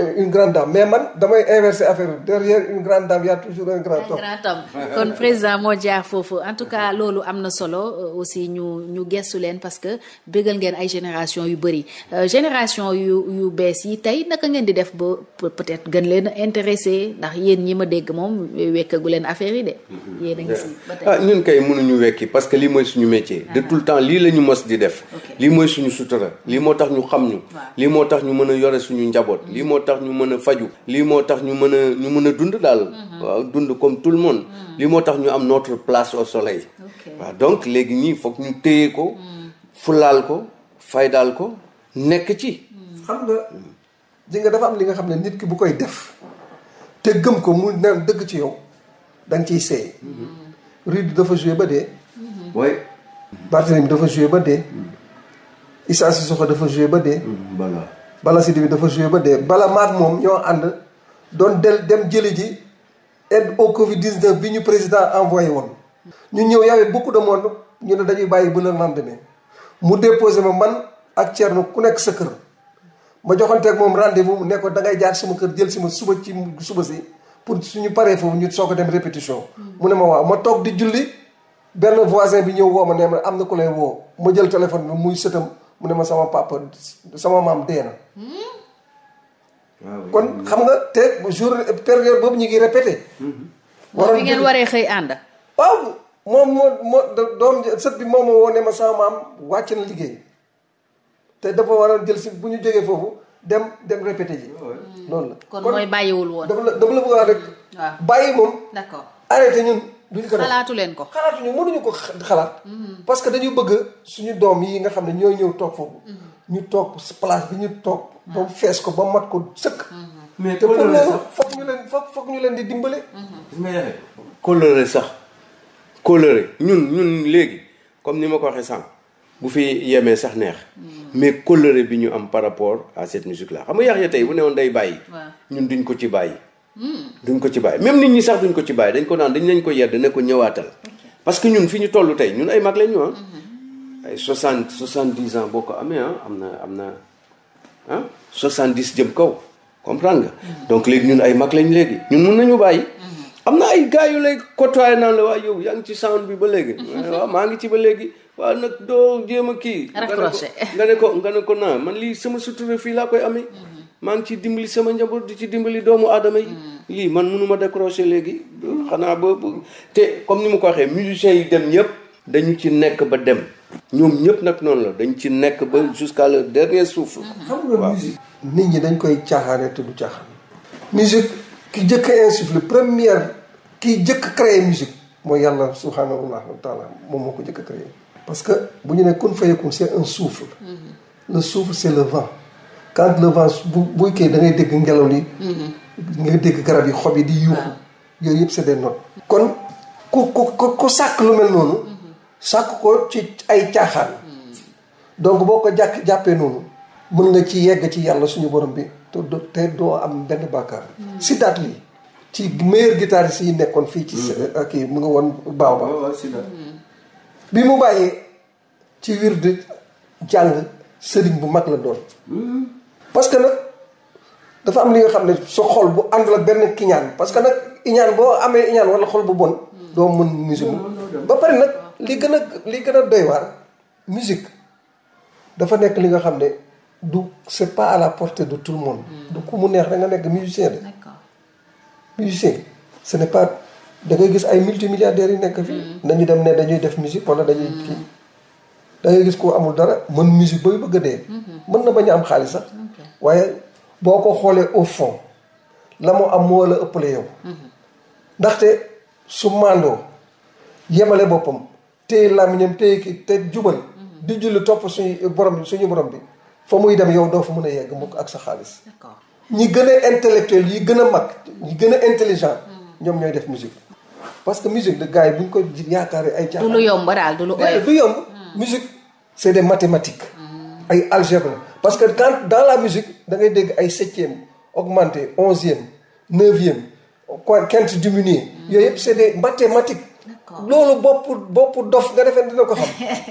Euh, une grande dame mais man damay inversé affaire bi derrière une grande dame y a toujours un grand homme. un grand homme kon président moo jaar foofu en tout cas loolu am na solo euh, aussi ñu ñu gëstu leen parce que bëggal ngeen ay génération yu bëri euh, génération yu yu bees yi tey naka ngeen di def ba peut-être gën leen a ndax yéen ñi ma dégg moom wekkagu leen affaire yi de. Mhm. yéen a ngi si ba tey ah ñun kay mënuñu wekki parce que lii mooy suñu métier. de ah. tout le temps lii la ñu mës di def. lii mooy suñu sutura lii moo tax ñu xam ñu. lii tax ñu mën a yore suñu njaboot moo tax ñu mën a faju lii moo tax ñu mën a ñu mën a dund daal mm-hmm. waaw dund comme tout le monde mm. lii moo tax ñu am notre place au soleil waaw donc léegi ñii foog ñu téye ko mm. fulaal ko faydaal ko nekk ci mm. xam nga ji nga dafa am li nga xam ne nit ki bu koy def te gëm ko mu naan dëkk ci yow da nga ciy seey mm-hmm. Ruud dafa joué ba dee mm-hmm. oui dafa joué ba dee Issa Sissoko dafa joué ba dee bala si bi dafa joué ba dee bala maat moom ñoo ànd doon del dem jëli ji aide au Covid 19 bi ñu président envoyé woon. ñu ñëw y avait beaucoup de monde ñu ne dañuy bàyyi ba le lendemain mu déposé ma man ak Thierno ku nekk sa kër ma joxanteeg moom rendez-vous mu ne ko da ngay jaar suma kër jël si ma suba ci suba si pour suñu paree foofu ñu soog ko dem répétition. mu ne ma waaw ma toog di julli benn voisin bi ñëw woo ma ne ma am na ko leen woo ma jël téléphone bi muy sëtam. mu ne ma sama papa sama maam dee na. Hmm? kon xam nga te jour période boobu ñu ngi répété. waroon hmm. bi ngeen waree xëy ànd. waaw moom moo moo doom sët bi moom moo wone ma sama maam wàcc na liggéey te dafa waroon jël si bu ñu jógee foofu dem dem répété ji. Oh, loolu la kon mooy bàyyiwul woon. dafa la dafa la bëgg a wax rek. waaw bàyyi moom. d'accord arrêté ñun. duñ ko def leen ko xalaatuñu mënuñu ko xalaat. Mm-hmm. parce que dañu bëgg suñu doom yi nga xam ne ñoo ñëw toog foofu. Mm-hmm. ñu toog place bi ñu toog. Mm-hmm. ba fees ko ba mat ko sëkk. mais te pour loolu foog ñu leen foog ñu leen di dimbale. mais sax coloré ñun ñun léegi comme ni ma ko waxee sànq bu fi yemee sax neex. mais coloré bi ñu am par rapport à cette musique là xam nga yàq ya tey bu newoon day bàyyi. ñun duñ ko ci bàyyi. duñ ko ci bàyyi même nit ñi sax duñ ko ci bàyyi dañ ko naan dañ lañ ko yedd ne ñëwaatal parce que ñun fi ñu toll tey ñun ay mag lañ ñu ah ay soixante soixante-dix ko amee ah am na am na ah soixante-dix jëm kaw comprendre nga mm-hmm. donc léegi ñun ay mag lañ léegi ñun mun nañu bàyyi mm-hmm. am na ay gars yu lay côtoyé naan la waa yow yaa ngi ci sound bi ba léegi waaw maa ngi ci ba léegi waaw nag doo jéem a kii nga ne ko nga ne ko naa man lii sama sutura fii laa koy amee mm-hmm. maa ngi ci dimbali sama njaboot di ci dimbali doomu aadama yi. lii mm. man mënu ma décrocher léegi. xanaa ba te comme ni mu ko waxee musiciens yi dem ñëpp. dañu ci nekk ba dem. ñoom ñëpp nag noonu la dañu ci nekk ba jusqu'à le dernier souffle. Mm-hmm. xam nit ñi dañ koy caaxaane te du caaxaan. musique ki njëkk suuf insufflé première ki njëkk créé musique mooy yàlla subhaanahu wa taala moom moo ko njëkk a parce que bu ñu ne kun fayakun c'est un suuf mm-hmm. le souffle c'est le vent. quand le bu buy kii da ngay dégg ngelaw li mm-hmm. nga dégg garab yi xob yi di yuuxu yooyu yëpp c'est des kon ku ku ku sàkk lu mel noonu mm-hmm. sàkk ko ci ay caaxaan mm-hmm. donc boo ko jàkk jàppee noonu mën nga ci yegg ci yàlla suñu borom bi te te doo am benn bàkkaar Sidaat lii ci meilleur guitariste yi nekkoon fii ci kii mu nga woon baaw ba oh, bi mu bàyyee ci wird jàng sëriñ bu mag la doon parce que nag dafa am li nga xam ne sa xol bu àndul ak benn kiñaan parce que nag iñaan boo amee iñaan wala xol bu bon doo mën musique ba pare nag li gën a li gën a doy waar musique dafa nekk li nga xam ne du c'est pas à la portée de tout le monde hmm. du ku mu neex danga nekk musicien de musicien ce pas da ngay gis ay multimilliardaires yu nekk fii hmm. nañu dem ne dañuy def musique wala dañuy kii hmm. da gis koo amul dara mën musique bay bëgg a dee. Mhm. mën na bañ a am xaalis sax. waaye boo ko xoolee au fond la mu am moo la ëppale yow. Mhm. ndaxte su maandoo yemale boppam te làmmiñam téye ki te jubal. Mhm. di julli topp suñu borom suñu borom bi fa muy dem yow doo fa mun a yegg mukk ak sa xaalis. ñi gën a intellectuel yi gën a mag ñi gën a intelligent. ñoom ñooy def musique. parce que musique de gars bu ñu ko yaakaaree ay. caaxaan du lu yomb daal du lu oyof du yomb musique. c'est des mathématiques. Mm. ay la parce que quand dans la musique da ngay dégg ay septième augmenté onzième neuvième quinte diminué. Mm. yooyu yëpp c'est des mathématiques. loolu bopp bopp dof nga defee dina ko xam.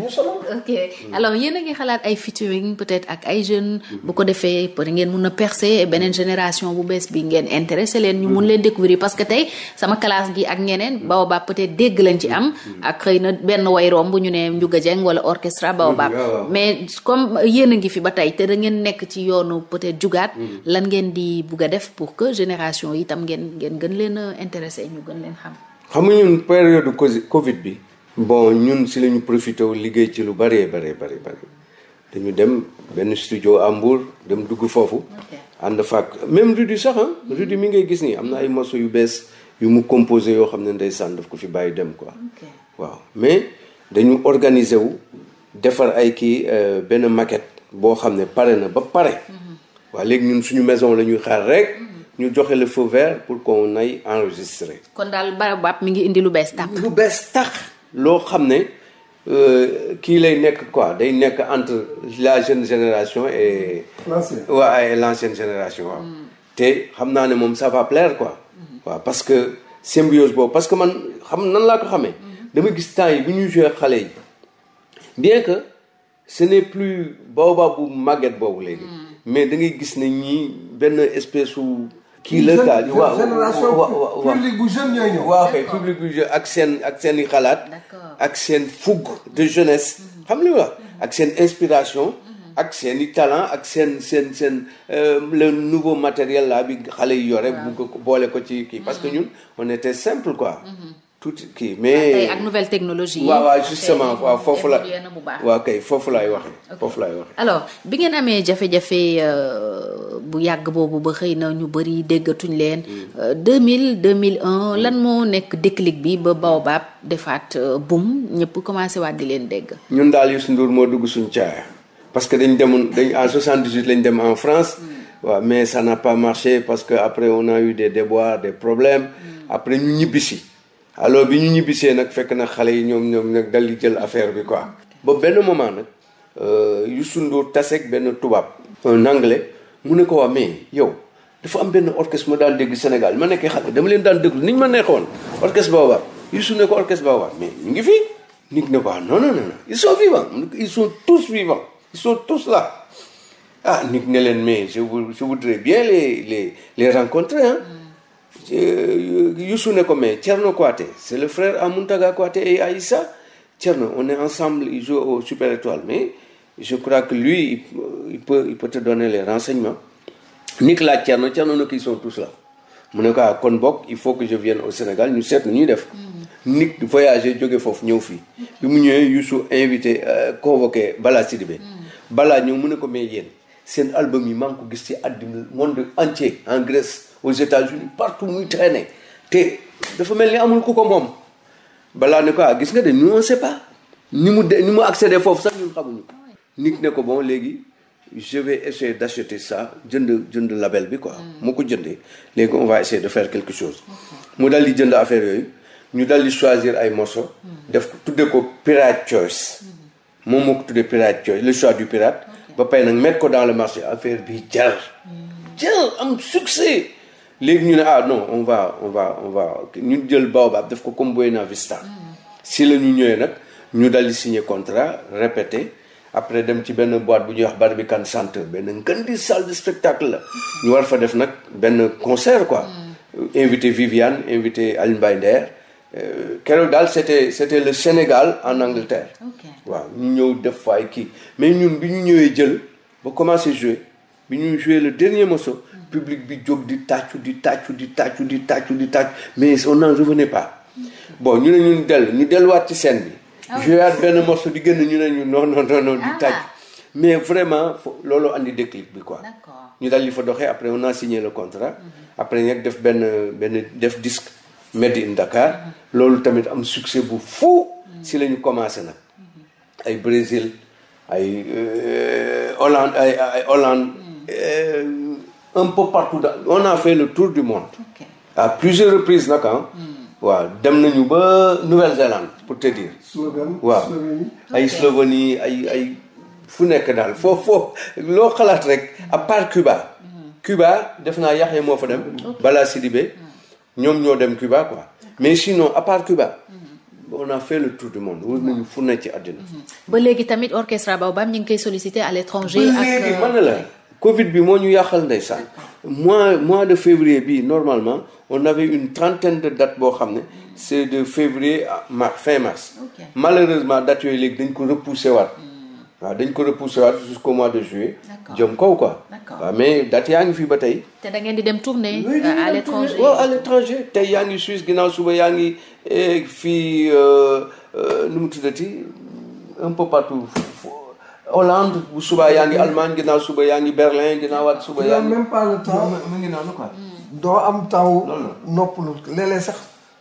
ñu solo yéen a ngi xalaat ay featuring peut-être ak ay jeunes. bu ko defee peut ngeen mun a percer beneen génération bu bees bi ngeen intéressé leen. ñu mun leen découvrir parce que tey sama kalaas gi ak ñeneen Baobab peut dégg lañ ci am. ak xëy na benn way romb ñu ne Ndiouga Dieng wala orchestra Baobab. Mm, mais comme yéen a ngi fi ba tey te da ngeen nekk ci yoonu peut-être jugaat. Mm. lan ngeen di bugg a def pour que génération yi tam ngeen ngeen gën leen a intéressé ñu gën leen xam. xam bi. bon ñun si lañu profité wu liggéey ci lu bëree bare bëri bëri dañu dem benn studio à Mbour dem dugg foofu ànd faak même Rudy sax ah Rudy mi ngay gis nii am na ay morceaux yu bees yu mu composé yoo xam ne ndeysaan daf ko fi bàyyi dem ko waaw mais dañu organiser wu defar ay kii euh, benn maquette boo xam ne pare na ba pare mhm. waaw léegi ñun suñu maison la ñuy xaar rek mhm. ñu joxe le feu vert pour qu'on aille enregistrer kon daal Baobab mi ngi indi lu bees tàq loo xam ne euh, kii lay nekk quoi day nekk entre la jeune génération et. l'ancienne waaw et l'ancienne génération mm. te xam naa ne moom ça va plaire quoi. Mm-hmm. waaw parce que symbiose boobu parce que man xam nan laa ko xamee. Mm-hmm. dama gis temps yi bu ñuy joué xale yi bien que ce n'est plus baobab bu màgget boobu léegi. Mm. mais da ngay gis ne ñii benn espèce su. kii la daal waaw waaw public ak seen ak seen i xalaat. ak seen fougue de jeunesse. Mhm. xam li wax mhm. ak seen inspiration. Mhm. ak seen i talent ak seen seen seen euh, le nouveau matériel la bi xale y yore. ko boole ko ci kii parce que ñun on était simple quoi. tuuti kii mais ak nouvelle technologie yi. waaw waaw justement waaw foofu la waaw kay foofu laay waxee foofu laay waxee. alors bi ngeen amee jafe-jafe euh, bu yàgg boobu ba xëy na ñu bëri déggatuñ leen. 2000 mm. 2001 euh, mm. lan moo nekk déclic bi ba Baobab defaat euh, boum ñëpp commencé waat di leen dégg. ñun daal Youssou Ndour moo dugg suñu caaya parce que dañ demoon dañ en 78 lañ dem en France. Mm. waaw mais ça n'a pas marché parce que après on a eu des déboires des problèmes. après ñu ñibbisi. alors bi ñu ñibbisee nag fekk na xale yi ñoom ñoom nag dal di jël affaire bi quoi. ba benn moment nag euh, Youssou Ndour taseeg benn tubaab. nangale mu ne ko waa mais yow dafa am benn orchestre ma daan dégg Sénégal ma nekkee xale dama leen daan déglu ni ma neexoon orchestre Baobab Youssou ne ko orchestre Baobab mais ñu ngi fi. nit ne ko ah non non non ils sont vivants ils sont tous vivants ils sont tous là ah nit ne leen mais je vous je voudrais bien les les les rencontrer Euh, yusu ne ko mais Thierno Kouaté c'est le frère à Mountaga Kouaté et à Issa Thierno on est ensemble ils jouent au Super Étoile mais je crois que lui il peut il peut donner les renseignements ni la laaj Thierno Thierno ne qu'ils sont tous mu ne ko ah kon bokk il faut que je vienne au Sénégal ñu seet nu ñuy def mm. nit voyager joge foofu ñëw fii bi mu ñëwee Youssou invité euh, convoqué Bala be mm. balaa ñëw mu ne ko mais yéen seen album yi maa ngi ko gis ci àddina monde entier en Grèce aux États-Unis partout muy traîner te dafa mel ni amul ku ko moom balaa ne ko ah gis nga de nous on sait pas ni mu de ni mu accéder foofu sax ñun xamuñu nit ne ko bon léegi je vais essayer d' acheter ça jënd jënd label bi quoi. Mm. mu ko jëndee léegi on va essayer de faire quelque chose. mu dal di jënd affaire yooyu ñu dal di choisir ay morceaux. Mm. def ko tuddee ko pirate choice. Mm. moom moo ko tuddee pirate choice le choix du pirate. ba pay nag mettre ko dans le marché affaire bi jar. am léegi ñu ne ah non on va on va on va ñu jël baobab def ko comme Buena Vista. si la ñu ñëwee nag ñu dal di signer contrat répété après dem ci benn boit bu ñuy wax bari bi Barbican Center benn ngën di salle de spectacle la. ñu war fa def nag benn concert quoi. invité Viviane invité Alioune Mbaye Nder euh, keroog daal c' était le Sénégal en Angleterre. waaw ñu ñëw def ay kii mais ñun bi ñu ñëwee jël ba commencé jouer bu ñu jouer le dernier morceau. public bi jóg di tàccu di tàccu di tàccu di tàccu di tàccu mais on na revenait pas bon ñu ne ñun dellu ñu delluwaat ci seen bi. jouaat ah benn morceau di génn ñu ne ñu non non non non di ah. tàccu. mais vraiment fo loolu andi déclic bi quoi. ñu dal li fa doxee après on a signé le contrat. Mhm. après ñu def benn benn def disque. Made in mhm. loolu tamit am succès bu fou. Mhm. si la ñu commencé nag. ay Brésil ay euh, Hollande ay Hollande. Euh, un peu partout dans on a fait le tour du monde. Okay. à plusieurs reprises nag hmm. ah. waaw dem nañu ba Nouvelle-Zélande pour te dire. Slovénie waaw ay Slovénie ay ay fu nekk daal foofu loo xalaat rek à part Cuba. Hmm. Cuba def naa Yaxya moo fa dem. Bala Sidibé hmm. ñoom ñoo dem Cuba quoi mais sinon a part Cuba. on a fait le tour du monde wër nañu fu ne ci àddina. ba léegi tamit orchestre ñu ngi koy solliciter à l'étranger ak. ba na la. Euh, Covid bi moo ñu yàqal ndeysaan mois mois de février bi normalement on avait une trentaine de dates boo xam ne c' est de février à mars fin mars. Okay. malheureusement dates yooyu léegi dañ ko repoussé waat. Hmm. dañ ko repoussé waat jusqu'au mois de juillet. jëm kaw quoi. waaw mais dates yaa ngi fi ba tey. te da ngeen di dem tourner. a l' étranger waaw à l' étranger oh, yaa ngi Suisse ginnaaw suba yaa ngi eh, fii euh, euh, nu mu un peu partout. Hollande bu subaa yaa ngi Allemagne ginnaaw suba yaa ngi Berlin ginnaawaat suba yaa ngi. même pas le temps mu ngi noonu quoi. Hmm. doo am temps noppalu léeg-léeg sax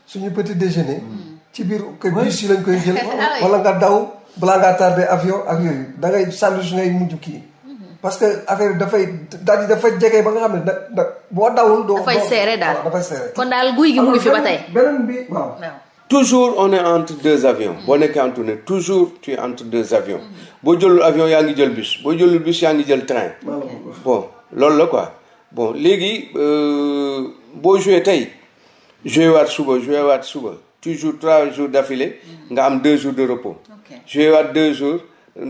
suñu petit déjeuner. Hmm. ci biir ko bus yi lañ koy jël. Ah wala nga daw balaa ngaa tardé avion ak yooyu da ngay sandwich ngay mujj kii. Hmm. parce que affaire bi dafay daal dafa jege ba nga xam ne da da boo dawul. doo dafay seere daal dafay seere. kon daal guy gi mu ngi fi ba tey beneen bi waaw. toujours on est entre deux avions boo nekkee en toujours tu entre deux avions boo jëlul avion yaa ngi jël bus boo jëlul bus yaa ngi jël train bon loolu la ko bon léegi euh, boo joué tey joué waat suba joué waat suba toujours joues trois jours d'affilée nga am deux jours de repos joué waat deux jours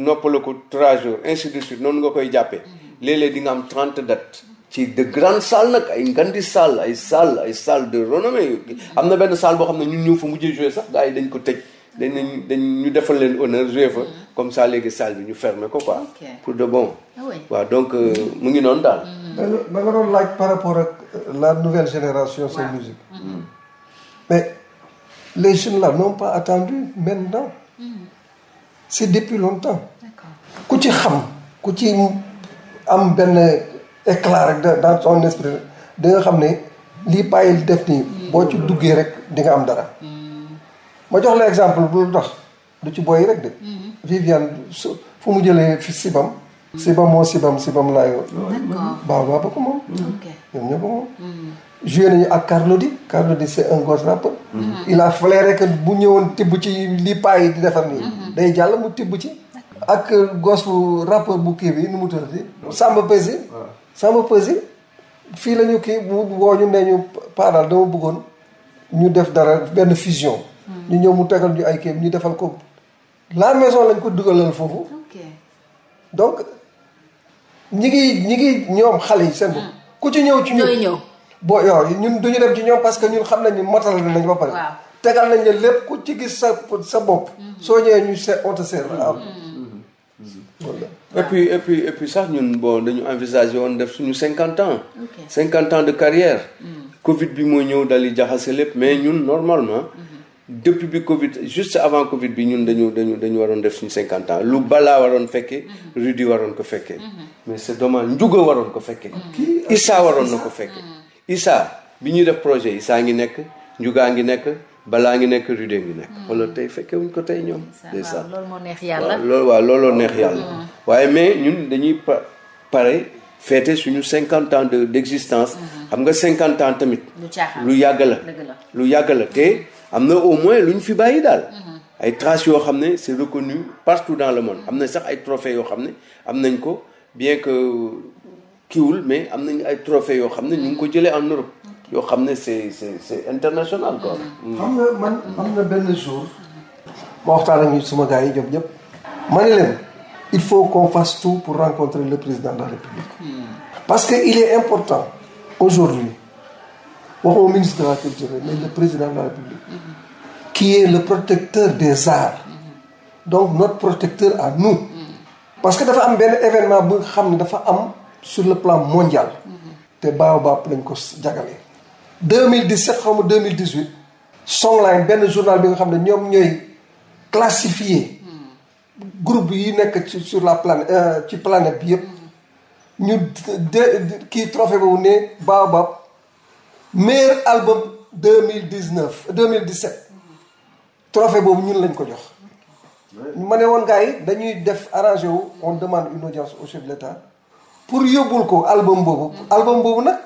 noppala ko trois jours ainsi de suite noonu nga koy jàppee mm-hmm. léeg-léeg di am trente dates ci de grandes salles nag ay ngandi salle ay salle ay salle de renommée am na benn salle boo xam ne ñu ñëw fa mujjee joué sax gars yi dañ ko tëj dañ dañ ñu defal leen honneur joué fa mm-hmm. comme ça léegi salle bi ñu fermé ko quoi pour de bon ah waaw donc euh, mu ngi noonu daal da mm-hmm. nga doon laaj par rapport ak euh, la nouvelle génération c'est musique mm-hmm. mais les jeunes là n'ont pas attendu maintenant c'est depuis longtemps ku ci xam ku ci am benn éclat rek dans son esprit da nga xam ne lii bàyyil def nii boo ci duggee rek di nga am dara ma jox la exemple bu lu tax du ci boy rek de Viviane fu mu jëlee fi sibam sibam moo sibam sibam laayoo baaw baa ba ko moom ñoom ñoo mm. ak Carlo Di Carlo Di c'est un gros rappeur mm-hmm. il a flairé que bu ñëwoon tibb ci lii paa yi di defar nii mm-hmm. day jàll mu tibb ci ak gosu rappeur bu kii bi nu mu tuddati Samba Peuzé sama plaisir fii lañu ñu kii woo ñu nee ñu paanal dama bëggoon ñu def dara benn fusion. Hmm. ñu ñëw mu tegal ñu ay kéem ñu defal ko la maison lañ ko dugalal foofu. donc ñi ngi ñi ngi ñoom xale yi seen bopp. Hmm. ku ci ñëw ci ñun ñëw. boo yow ñun duñu dem ci ñoom parce que ñun xam nañu matal nañ ba pare. tegal nañ ne lépp ku ci gis sa sa bopp. Hmm. soo ñëwee ñu se on te sert et puis et puis sax ñun bon dañu envisager woon def suñu cinquante ans. cinquante ans de carrière. Mm. Covid bi moo ñëw dal dali jaxase lépp mais mm. ñun normalement. Mm-hmm. depuis bi Covid juste avant Covid bi ñun dañu dañu dañu waroon def suñu cinquante ans lu balaa waroon fekkee. Mm-hmm. Rudy waroon ko fekkee. Mm-hmm. mais c'est dommage Ndiouga waroon ko fekkee. Mm. Issa waroon na ko fekkee. Issa bi ñuy def projet Issa ngi nekk Ndiouga ngi nekk. balaa ngi nekk rude ngi nekk hmm. wala tey fekke wuñ ko tey ñoom ndeysaan loolu moo neex yàlla loolu waaw hmm. waaye mais ñun dañuy pa pare feete suñu cinquante ans de d' hmm. xam nga cinquante ans tamit lu yàgg la lu yàgg la te am na au moins lu ñu fi bàyyi daal ay traces yoo xam ne c' est reconnu partout dans le monde am na sax ay trophées yoo xam ne am nañ ko bien que kiwul mais am nañ ay trophées yoo xam ne ñu ngi ko jëlee en Europe yoo xam ne c'est c'est c'est international quoi. Mm. xam nga man am na benn jour. ma waxtaan ak ñu suma gars yi ñoom ñëpp. ma ne leen il faut qu'on fasse tout pour rencontrer le président de la République. Mm. parce que il est important aujourd'hui waxuma ministre de la culture le président de la République. Mm-hmm. qui est le protecteur des arts. Mm-hmm. donc notre protecteur à nous. Mm-hmm. parce que dafa am benn événement bu xam ne dafa am sur le plan mondial. te Baobab lañ ko jagalee. 2017 xaw ma 2018 Songline benn journal bi nga xam ne ñoom ñooy classifier groupe yi nekk ci sur la planète euh, ci planète bi yëpp ñu de kii trophée boobu ne Baobab meilleur album 2019 2017 trophée boobu ñun lañ ko jox ma ne woon gars yi dañuy def arrangé wu on demande une audience au chef de l'État pour yóbbul ko album boobu album boobu nag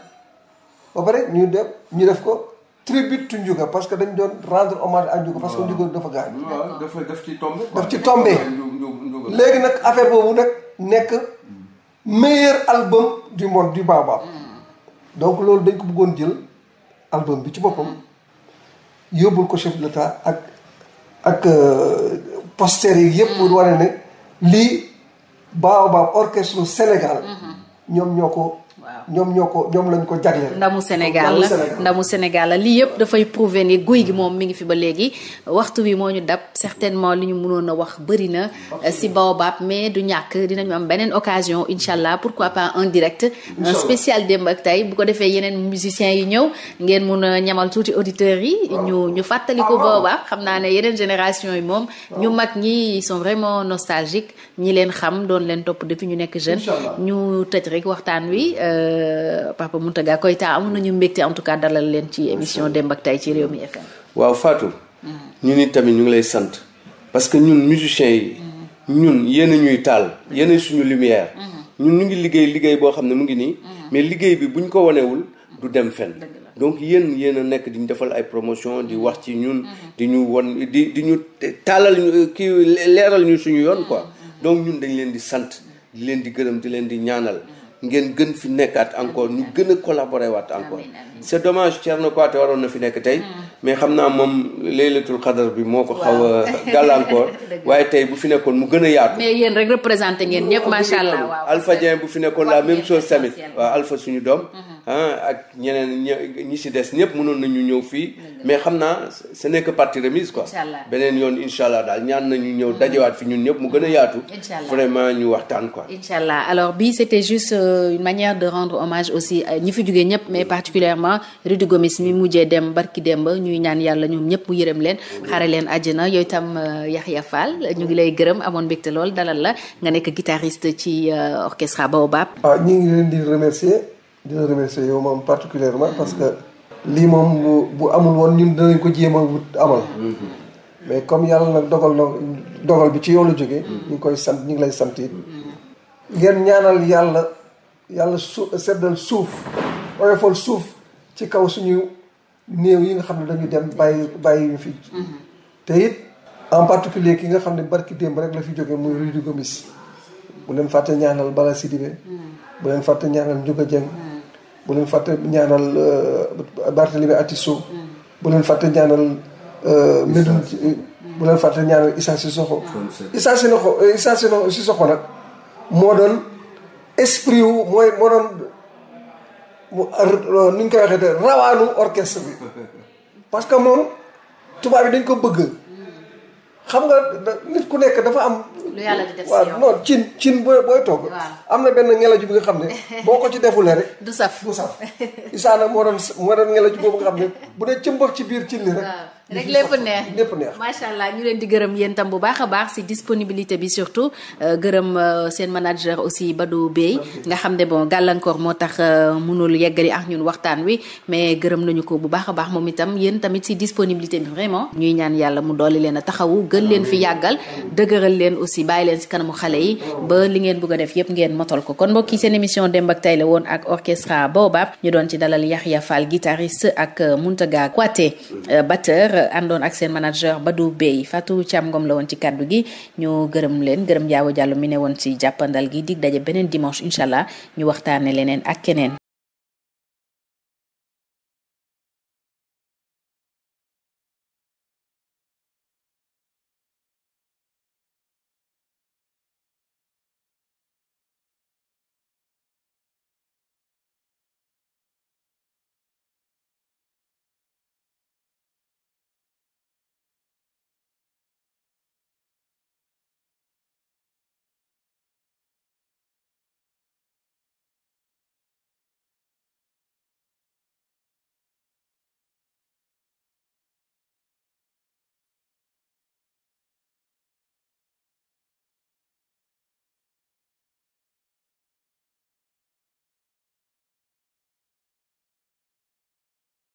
ba pare ñu def ñu def ko tribute to Ndiouga parce que dañ doon rendre hommage à Ndiouga parce que Ndiouga dafa gaañ. waaw dafa daf ci tombé. daf ci tombé léegi nag affaire boobu nag nekk meilleur album du monde du Baobab. Hmm. donc loolu dañ ko bëggoon jël album bi ci boppam hmm. yóbbul ko chef de l'État ak ak euh, posters yi yëpp pour hmm. wane ne lii Baobab orchestre Sénégal ñoom ñoo ko. ñoom ñoo ko ñoom lañ ndamu Sénégal la ndamu Sénégal la lii yëpp dafay prouver ni guy gi moom mi ngi fi ba léegi waxtu wi moo ñu dab certainement li ñu mënoon a wax bëri na si Baobab mais du ñàkk dinañu am beneen occasion incha allah pourquoi pas un direct. un spécial démb ak tey bu ko defee yeneen musiciens yi ñëw ngeen mun a ñamal tuuti auditeurs yi. ñu ñu fàttali ko ah, Baobab xam naa ne yeneen génération yi moom. ñu mag ñi ils sont vraiment nostalgiques ñi leen xam doon leen topp depuis ñu nekk jeune. ñu Euh, Papa Mountaga Koita amoon nañu mbégte en tout cas dalal leen ci émission Demb ak Tay ci Rewmi waaw Fatou. Mm. ñun it tamit ñu ngi lay sant parce que ñun musiciens yi. Mm. ñun yéen a ñuy taal mm. yéen a suñu lumière. ñun ñu ngi liggéey liggéey boo xam ne mu ngi nii. mais liggéey bi bu buñ ko wanewul du dem fenn. donc yéen yéen a nekk di ñu defal ay promotion di wax ci ñun. di ñu won di di ñu taalal ñu kii leeral ñu suñu yoon quoi. donc ñun dañ leen di sant di leen di gërëm di leen di ñaanal. ngeen gën fi nekkaat encore ñu gën a collaborer waat encore c'est dommage Thierno Kouaté waroon na fi nekk tey hmm. mais xam naa moom laylatul xadar bi moo ko xaw a gàllankoor waaye tey bu fi nekkoon mu gën a yaatu mais yéen rek représenté ngeen ñëpp macha allah Alpha Dieng bu fi nekkoon la même chose tamit waaw Alpha suñu doom hmm. ah ak ñeneen ñi si des ñëpp mënoon ñu ñëw fii. mais xam naa ce n'est que partie remise quoi. beneen yoon incha allah daal ñaan ñu ñëw dajewaat fi ñëpp a yaatu. vraiment ñu waxtaan quoi. incha allah alors bii c'était juste euh, une aussi ñi fi jugee ñëpp mais particulièrement Rudy Gomis mi mujjee dem barki ba ñuy ñaan yàlla ñoom ñëpp mu yërëm leen. xare leen àjjana yooyu tam euh, Yaxya Fall ñu ngi lay gërëm amoon mbégte lool dalal la nga nekk guitariste ci euh, orchestre Baobab. waaw ah, ñu ngi leen di remercier. dina remercier yow moom particulièrement parce que lii moom bu bu amul woon ñun dinañ ko jéem a wut amal mm-hmm. mais comme yàlla nag dogal na dogal bi ci yoonu jóge jógee mm-hmm. ñu koy sant ñu ngi lay sant it ngeen ñaanal yàlla yàlla su seddal suuf oyofal suuf ci kaw suñu néew yi nga xam ne dañuy dem bàyyi bàyyi ñu fi mm-hmm. te it en particulier ki nga xam ne barki démb rek la fi jóge muy Rudy Gomis bu leen fàtte ñaanal si Sidibé bu leen fàtte ñaanal Ndiouga Dieng bu leen fàtte ñaanal euh, Barthélemy Atisso mm. bu leen fàtte ñaanal euh, Medoune mm. bu leen fàtte ñaanal Issa Sissoko mm. Issa Sissoko Issa Sissoko euh, nag moo doon esprit wu mooy moo doon ni ñu koy waxee te rawaanu orchestre bi parce que moom tubaab yi dañ ko bëgg xam nga nit ku nekk dafa am. lu yàlla di def si yow cin cin booy booy togg. am na benn ngelaju bi nga xam ne boo ko ci defulee rek. du saf du saf. Issa moo doon moo doon ngelaju boobu nga xam ne bu dee cëmbax ci biir cin li rek. rek lépp neex lépp macha allah ñu leen di gërëm yéen tam bu baax a baax si disponibilité bi surtout euh, gërëm euh, seen manager aussi Badou Bey nga xam ne bon gàllankoor moo tax euh, mënul yeggali ak ñun waxtaan wi mais gërëm nañu ko bu baax a baax moom itam yéen tamit ci disponibilité bi vraiment ñuy ñaan yàlla mu dooli leen a taxawu gën leen fi yàggal dëgëral leen aussi bàyyi leen si kanamu xale yi ba li ngeen bëgg def yépp ngeen motal ko kon mbokki seen émission Demb ak la woon ak orchestra Baobab ñu doon ci dalal Yahya Fall guitariste ak Mountaga Kouaté batteur Euh, àndoon ak seen manager Badou Bey Fatou Thiam Ngom la woon ci kaddu gi ñu gërëm leen gërëm Yaawa Diallo mi ne woon ci jàppandal gi dig daje beneen dimanche incha allah ñu waxtaane leneen ak keneen